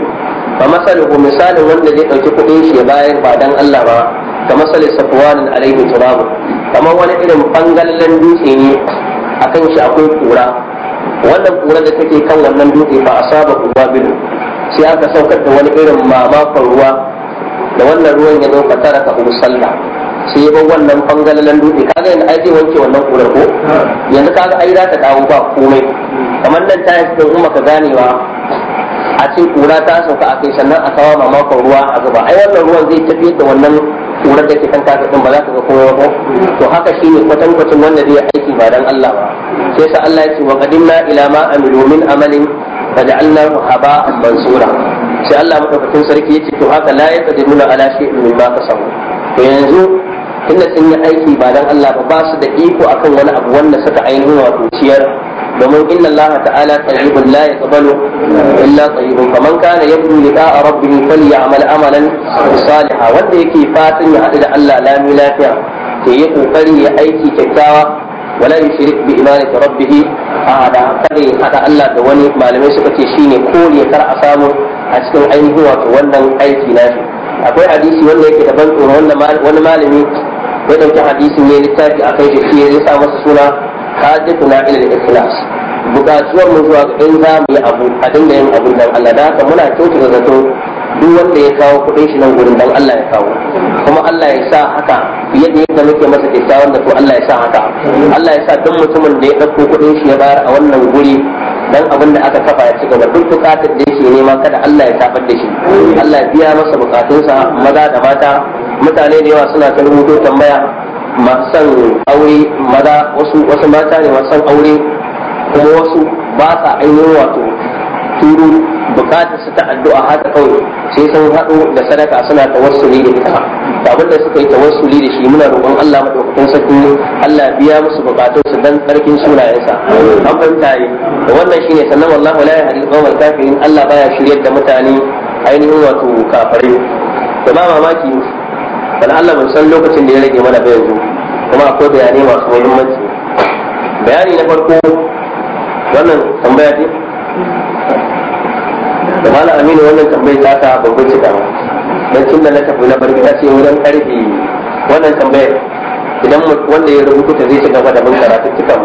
kamar salihu misalin wanda zai ɗauki kuɗin shi ya bayar ba don Allah ba kamar sale safwanin alaihi turabu kamar wani irin bangallen dutse ne akan shi akwai kura wannan kura da take kan wannan dutse ba a saba kuwa bin sai aka saukar da wani irin mamakon ruwa da wannan ruwan ya zo tara ka musalla sai ya bar wannan bangallen dutse kaga yanzu ai zai wanke wannan kura ko yanzu kaga ai za ta kawo ba komai kamar nan ta yi cikin umma ka ganewa a ce kura ta sauka a kai sannan a kawo mamakon ruwa a zuba ai wannan ruwan zai tafi da wannan kurar da ke kan kasa ɗin ba za ka ga kowa ba to haka shi ne kwatankwacin wanda zai aiki ba dan Allah ba sai sa Allah ya ce wa qadimna ila ma amilu min amalin faja'alnahu haba'an mansura sai Allah madaukakin sarki ya ce to haka la yaqdimuna ala shay'in mimma kasabu to yanzu tunda sun yi aiki ba dan Allah ba ba su da iko akan wani abu wanda suka ainihin wato ciyar domin inna Allah ta'ala tayyibun la yaqbalu illa tayyibun faman kana yabdu liqa'a rabbih falyamal amalan salihan wanda yake fatan ya hadu da Allah lami lafiya ke yi kokari ya aiki kyakkyawa wala yushrik bi imanati rabbih ahada kada ya hada Allah da wani malamai suka ce shine kore kar a samu a cikin ainihin wato wannan aiki nashi akwai hadisi wanda yake daban tsoro wanda wani malami ya dauki hadisi ne littafi akai da shi ya sa masa suna hajjatuna ila al-ikhlas bukatuwar mu zuwa in za yi abu a dinga yin abun dan Allah da haka muna kyautata zato duk wanda ya kawo kuɗin shi nan gurin dan Allah ya kawo kuma Allah ya sa haka fiye da yadda muke masa kyakkyawan wanda to Allah ya sa haka Allah ya sa duk mutumin da ya ɗauko kuɗin shi ya bayar a wannan guri dan abin da aka kafa ya ci gaba duk bukatar da yake nema kada Allah ya tabar da shi Allah ya biya masa bukatunsa maza da mata mutane da yawa suna kan rubuto tambaya masan aure maza wasu wasu mata ne masan aure kuma wasu ba sa ainihin wato turu bukatar su ta addu'a haka kawai sai sun haɗu da sadaka suna tawassuli da ita abin da suka yi tawassuli da shi muna roƙon Allah madaukakin sarki Allah biya musu bukatun su dan tsarkin sunayensa an fahimta ne da wannan shine sannan wallahi la yahdi qawmal kafirin Allah baya shiryar da mutane ainihin wato kafirai da ba mamaki wani Allah ban san lokacin da ya rage mana ba yanzu kuma akwai bayanai masu muhimmanci bayani na farko wannan tambaya ce da mala aminu wannan tambayi ta ta babban cika ba don da na tafi na barbi ce wajen karfi wannan tambayar idan wanda ya rubuta ta zai ci gaba da bin karatu cikan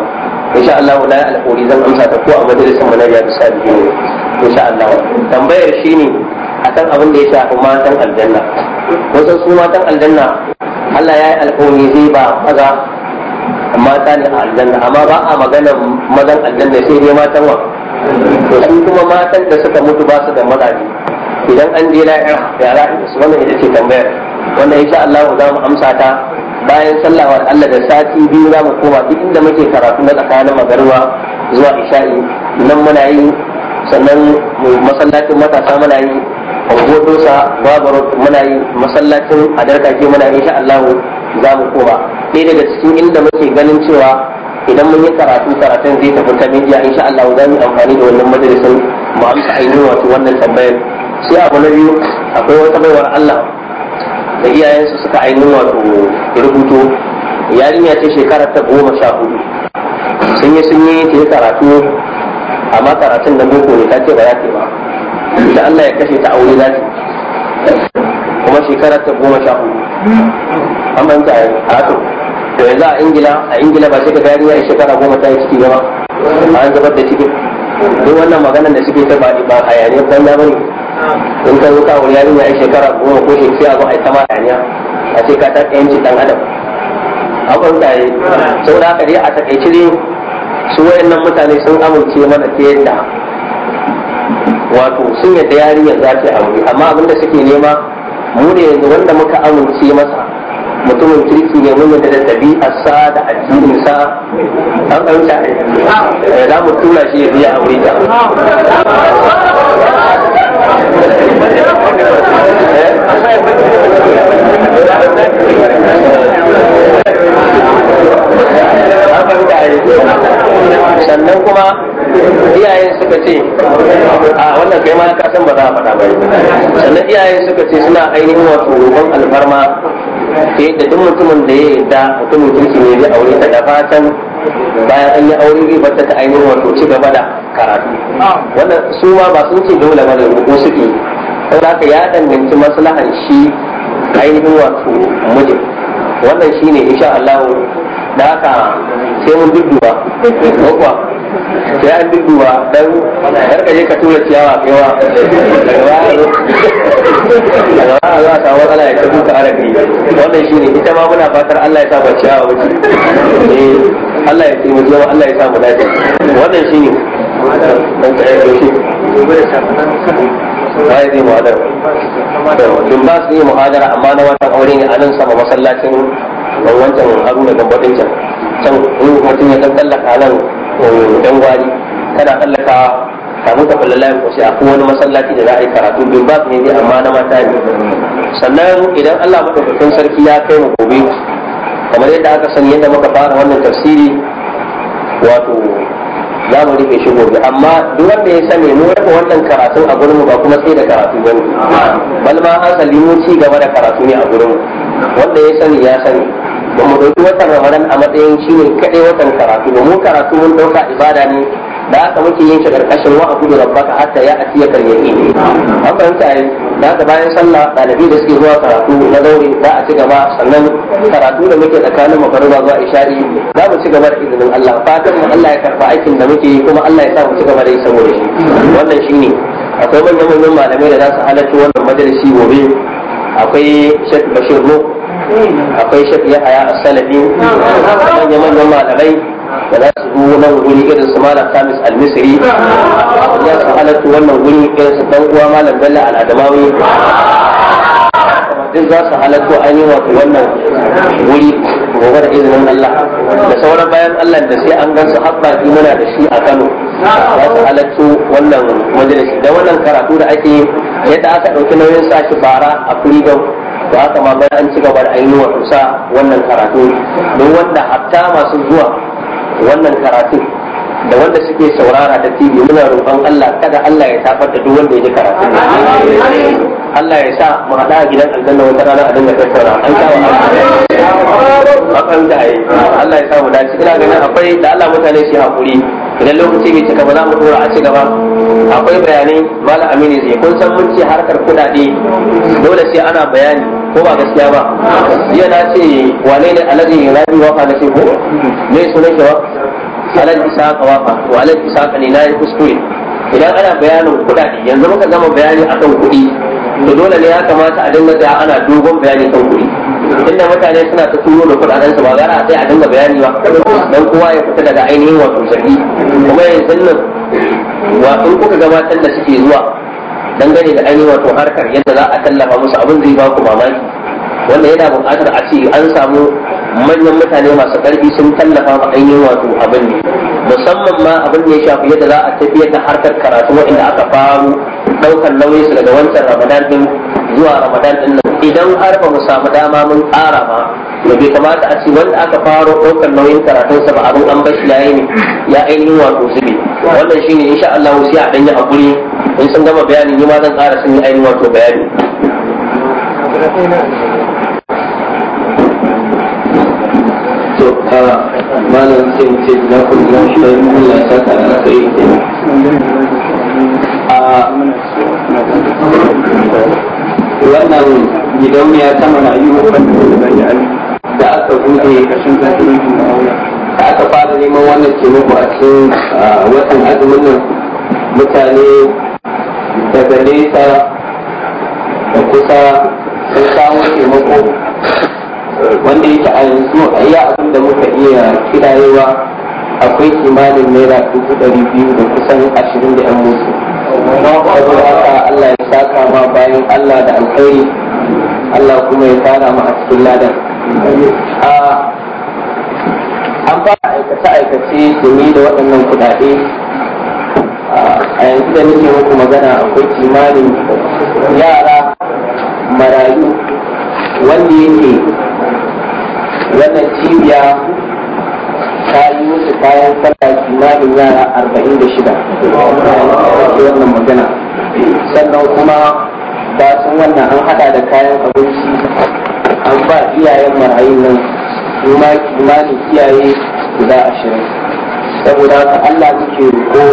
insha Allah wala alƙori zan amsa ta ko a majalisar manariya da sabi ne insha Allah tambayar shine akan abin da ya shafi matan aljanna wasu su matan aljanna Allah ya yi alƙawari zai ba maza mata ne a aljanna amma ba a magana mazan aljanna sai dai matan wa to su kuma matan da suka mutu ba su da mazaje idan an je la'ira yara su wannan ita ce tambayar wanda insha Allah za mu amsa ta bayan sallawar Allah da sati biyu za mu koma duk inda muke karatu na tsakanin magarwa zuwa isha'i nan muna yi sannan masallacin matasa muna yi hotonsa babu muna yi masallacin adarka ke muna insha Allah za mu koma ɗaya daga cikin inda muke ganin cewa idan mun yi karatu karatun zai tafi ta media insha Allah za mu amfani da wannan majalisin mu amsa ainihin wato wannan tambayar sai abu na biyu akwai wata baiwar Allah da iyayensu suka ainihin wato rubuto yarinya ce shekarar ta goma sha hudu sun yi sun yi karatu amma karatun da boko ne ta ce ba ya ke ba insha Allah ya kashe ta aure zaki kuma shekarar ta goma sha hudu an manta a to to yanzu a ingila a ingila ba sai ka gari ya shekara goma ta yi ciki ba an zubar da ciki duk wannan maganar da suke ta ba ba hayaniyar ba bane in ka zo ka aure ya a shekara goma ko shekara ba a yi ta ma hayaniya a ce ka ta yanci dan adam abin da ya saboda haka dai a takaice ne su wayannan mutane sun amince mana ta yadda wato sun yadda yarinyar za ta aure amma abinda suke nema mu ne yanzu wanda muka amince masa mutumin kirki ne mun yadda da ɗabi'arsa da addininsa an ɗauka eh, za mu tura shi ya biya aure ta Thank eh? you. sannan kuma iyayen suka ce a wannan kai ma ka san ba za a faɗa ba sannan iyayen suka ce suna ainihin wato roƙon alfarma ke da duk mutumin da ya yarda mutumin kirki ne zai aure ta da fatan bayan an yi aure zai bata ta ainihin wato ci gaba da karatu wannan su ma ba sun ce dole ba da ko suke za ka ya danganci maslahan shi ainihin wato mijin wannan shine insha Allah da haka sai mun dudduwa ko kuwa sai an dudduwa dan har ka ka tura ciyawa kaiwa daga ba a zo a Allah ya tabu ka arabi wannan shine ita ma muna fatar Allah ya sa ba ciyawa wuce eh Allah ya taimake mu Allah ya sa mu dace wannan shine dan ka yi waye zai muhadara? Dumbas ne muhadara amma na watan aure ne a nan sama masallacin ba wancan haruna nan baɗin can can in mutum ya san tsallaka nan ɗan um, gwari kana tsallaka kamun ka falla layin kwashe a wani masallaci da za a yi karatu bin ba ne dai amma na mata ne sannan idan allah maɗaukakin sarki ya kai mu gobe kamar yadda aka sani yadda muka fara wannan tafsiri wato za mu rufe shi gobe amma duk wanda ya sani mu rufe wannan karatun a gurin mu ba kuma sai da karatu bane ne ma asali mu ci gaba da karatu ne a gurin mu wanda ya sani ya sani ba mu ɗauki watan ramadan a matsayin shine kadai kaɗai watan karatu ba mu karatu mun ɗauka ibada ne da aka muke yin shi ƙarƙashin wa abu da rabbaka hatta ya asiya karyaki an fahimta yi da haka bayan sallah ɗalibai da suke zuwa karatu na zaure za a ci gaba sannan karatu da muke tsakanin magariba zuwa isha'i za mu ci gaba da izinin Allah fatan mu Allah ya karɓa aikin da muke yi kuma Allah ya sa mu ci gaba da yi saboda shi wannan shine akwai manyan manyan malamai da za su halarci wannan majalisi gobe akwai Sheikh Bashir Nuh akwai shek ya haya a salafi manya-manyan malamai da za su zo nan wuri irin su malam kamis almisiri za su halatta wannan wuri irin su dan uwa malam bello al'adamawi duk za su halatto an yi wato wannan wuri gobe da izinin Allah da sauran bayan Allah da sai an gansu habba muna da shi a Kano za su halatto wannan majalisi da wannan karatu da ake yadda aka ɗauki nauyin sa shi bara a Freedom da haka ma an ci gaba da ainihin wato sa wannan karatu don wanda hatta masu zuwa wannan karatun da wanda suke saurara da TV muna roƙon Allah kada Allah ya tabar da duk wanda ya ji karatu Allah ya sa mu haɗa a gidan aljanna wata rana a dinga tattauna an wa akan da ai Allah ya sa mu dace ina ganin akwai da Allah mutane su hakuri idan lokaci bai cika ba za mu dora a ci gaba akwai bayanai mala amini zai kun san mun ce harkar kuɗaɗe dole sai ana bayani ko ba gaskiya ba jiya na ce wane ne alaji rabi wafa na ce ko me sunan shi ba alal isaka wafa to alal isaka ne na yi kuskure idan ana bayanin kuɗaɗe yanzu muka gama bayani akan kuɗi to dole ne ya kamata a dinga da ana dogon bayani kan kuɗi inda mutane suna ta turo da kuɗaɗen su ba gara a sai a dinga bayani ba dan kowa ya fita daga ainihin wato zargi kuma yanzu nan wato kuka gabatar da suke zuwa dangane da ainihin wato harkar yadda za a tallafa musu abin zai ba ku mamaki wanda yana buƙatar a ce an samu manyan mutane masu ƙarfi sun tallafa ma ainihin wato abin ne musamman ma abin da ya shafi yadda za a tafiyar da harkar karatu waɗanda aka faru ɗaukar nauyin su daga wancan ramadan din zuwa ramadan din nan idan har ba mu samu dama mun ƙara ma da bai kamata a ce wanda aka faro ɗaukar nauyin karatunsa ba abin an bashi yayi ne ya ainihin wato zube wannan shine insha Allah sai a danyi hakuri in sun gama bayani ni ma zan ƙara sun yi ainihin wato bayani to a malam sai mu ce na kullum shi bai mun la saka na kai a wannan ya gidauniya ta marayu da aka bude kashin da aka fara neman wannan taimako a cikin watan azumin nan mutane daga nesa da kusa sun samu taimako wanda yake a yanzu a yi abin da muka iya kidayewa akwai kimanin naira dubu ɗari biyu da kusan ashirin da yan mutu saboda haka allah ya saka ma bayan allah da alkhairi allah kuma ya tara mu a cikin ladan an fara aikace-aikace domin da waɗannan kuɗaɗe a yanzu da nake muku magana akwai kimanin yara marayu wanda yake wannan cibiya ta yi musu bayan sallah kimanin yara arba'in da shida wannan magana sannan kuma ba sun wannan an hada da kayan abinci an ba iyayen marayun nan kuma kimanin iyaye guda ashirin saboda ka allah muke ko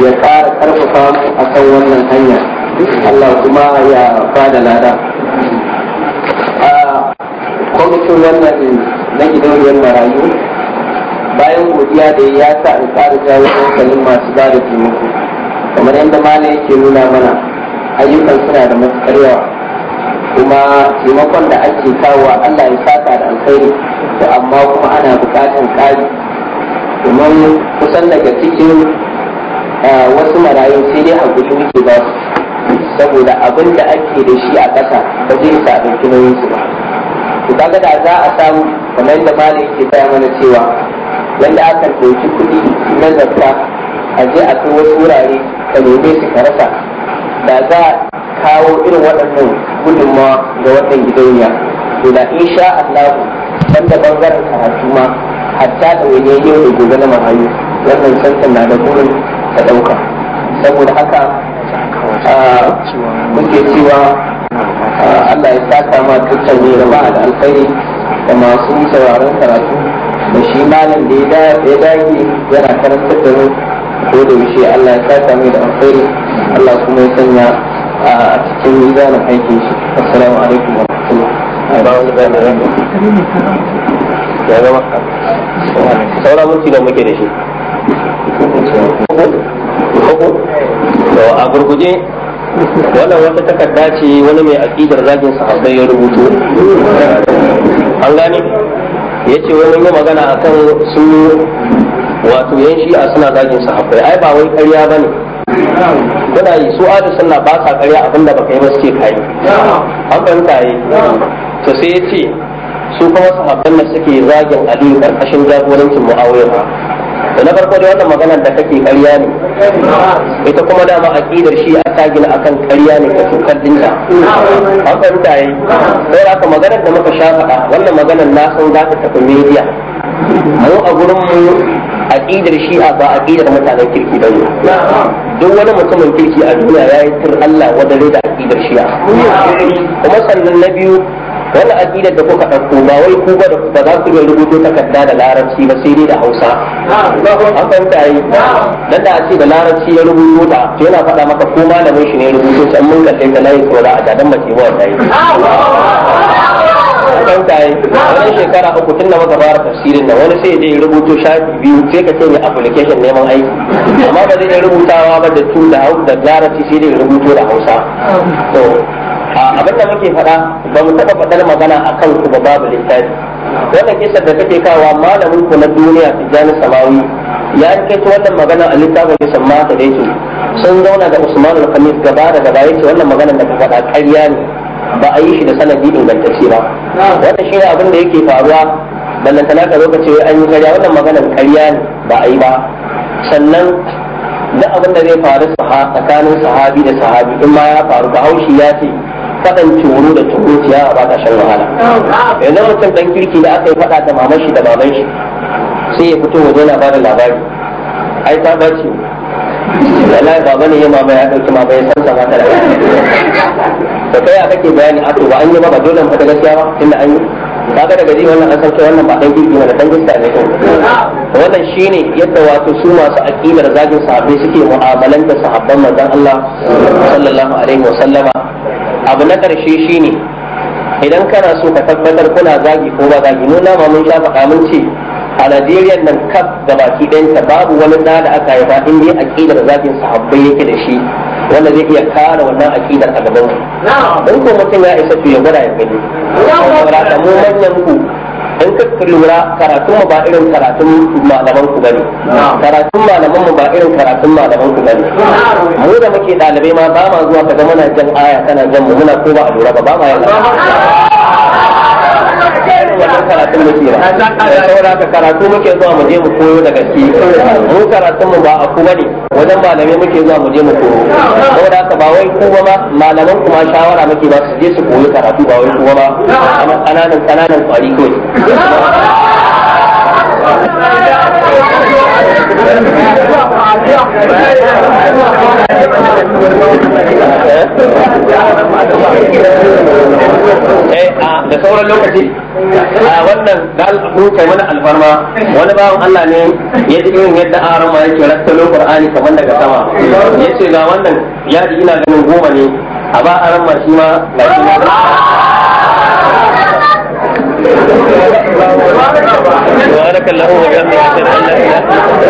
ya ƙara ƙarfafa mu a kan wannan hanya allah kuma ya ba da lada kwamitin wannan na gidauniyar marayu bayan godiya da ya sa in ƙara jawo hankalin masu ba da taimako kamar yadda mala yake nuna mana ayyukan suna da matuƙar yawa kuma taimakon da ake kawo allah ya saka da alkhairi to amma kuma ana buƙatar ƙari domin kusan daga cikin wasu marayun sai dai guji muke ba su saboda abin da ake da shi a ƙasa ba zai sa ɗauki nauyinsu ba to kaga da za a samu kamar da malam yake gaya mana cewa yanda aka ɗauki kuɗi na zakka a je a kai wasu wurare ka neme su ka rasa da za a kawo irin waɗannan gudunmawa ga wannan gidauniya to da insha Allah da bangaren karatu ma hatta da wani yau da gobe na mahayu wannan sansan na da gurin ka ɗauka saboda haka muke cewa Allah ya saka ma dukkan ne da da alkhairi da masu sauraron karatu da shi malam da ya dage yana karantar da mu ko da yaushe Allah ya saka mai da alkhairi Allah kuma ya sanya a cikin mizanin aikin shi assalamu alaikum wa rahmatullahi saura mulki da muke da shi a gurguje wannan wata takarda ce wani mai aƙidar zagin sahabbai ya rubuto an gane ya ce wani yi magana a kan su wato yan shi'a suna zagin sahabbai ai ba wai karya ba ne kuna yi su adu suna ba sa karya abinda baka yi ba suke kayi an fahimta yi to sai ya ce su kuma sahabban da suke zagin aliyu karkashin jagorancin mu'awiyar da na farko da wannan maganar da kake karya ne ita kuma dama aƙidar shi a ta gina akan ƙarya ne ka cutar dinta an fahimta yi sai haka maganar da muka sha faɗa wannan maganar na san za ta tafi media mu a gurin mu shi shi'a ba aƙidar mutanen kirki ba ne duk wani mutumin kirki a duniya ya yi tur Allah wadare da shi shi'a kuma sannan na biyu wannan aqidar da kuka ɗauko ba wai ku ba ba za ku iya rubuto takarda da larabci ba sai dai da Hausa an fahimta yi dan da a ce da larabci ya rubuto ta to yana faɗa maka ko malamin shi ne rubuto sai mun kalle ka layi tsora a ga mace ba ta yi an fahimta yi wani shekara uku tun da muka fara tafsirin da wani sai ya rubuto shafi biyu sai ka ce ne application neman aiki amma ba zai rubutawa ba da tu da larabci sai dai rubuto da Hausa to abin da muke faɗa ba mu taɓa faɗar magana a kan ba babu littafi wannan kisar da kake kawa malamin ku na duniya tijjani samawi ya kai ta wannan magana a littafin da samma ta da sun zauna da usman al-khamis gaba da gaba yace wannan magana da ka faɗa ƙarya ne ba a yi shi da sanadi ingantacce ba wannan shine abin da yake faruwa ballantana ka zo ka ce an yi karya wannan maganar ƙarya ne ba a yi ba sannan da abin da zai faru tsakanin sahabi da sahabi in ma ya faru ba haushi ya ce faɗan coro da turuciya a ba ka shan wahala yanzu mutum ɗan kirki da aka yi faɗa da maman shi da baban shi sai ya fito waje na bada labari ai ta bace wallahi baba ne ya mama ya ɗauki mama ya san sa mata da da kai a kake bayani a to ba an yi ba ba dole mu ta gaskiya ba tunda an yi kaga daga ji wannan an san wannan ba dan kirki ne da dan gaskiya ne wannan shine yadda wato su masu aqidar zagin sahabbai suke mu'amalan da sahabban manzon Allah sallallahu alaihi wa abu na ƙarshe shine idan kana so ka tabbatar kuna zagi ko ba zagi nuna ma mun sha faɗa mun ce a Najeriya nan kaf ga baki ɗayanta babu wani ɗa da aka haifa in dai aƙidar zagin sahabbai yake da shi wanda zai iya kare wannan aƙidar a gaban ku. Don ko mutum ya isa to ya gwada ya gani. Saboda mu manyan ku in ka lura karatun mu ba irin karatun malaman ku bane karatun malaman mu ba irin karatun malaman ku bane mu da muke dalibai ma ba ma zuwa kaga muna jan aya kana jan mu muna ko ba a lura ba ba ma yana wajen karatun muke ba saboda haka karatu muke zuwa mu je mu koyo da gaske mu karatun mu ba a kuma ne wajen malamai muke zuwa mu je mu koyo saboda haka ba wai kuma ba malaman kuma shawara muke ba su je su koyo karatu ba wai kuma ba kananan kananan kwari kawai Eh, da sauran lokaci a wannan dal kai mana alfarma wani bawan Allah ne ya ji irin yadda aron ma yake rattalo Qur'ani kamar daga sama yace ga wannan ya ji ina ganin goma ne a ba aron ma shi ma ga shi بارك الله وبحمده أشهد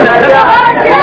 أن لا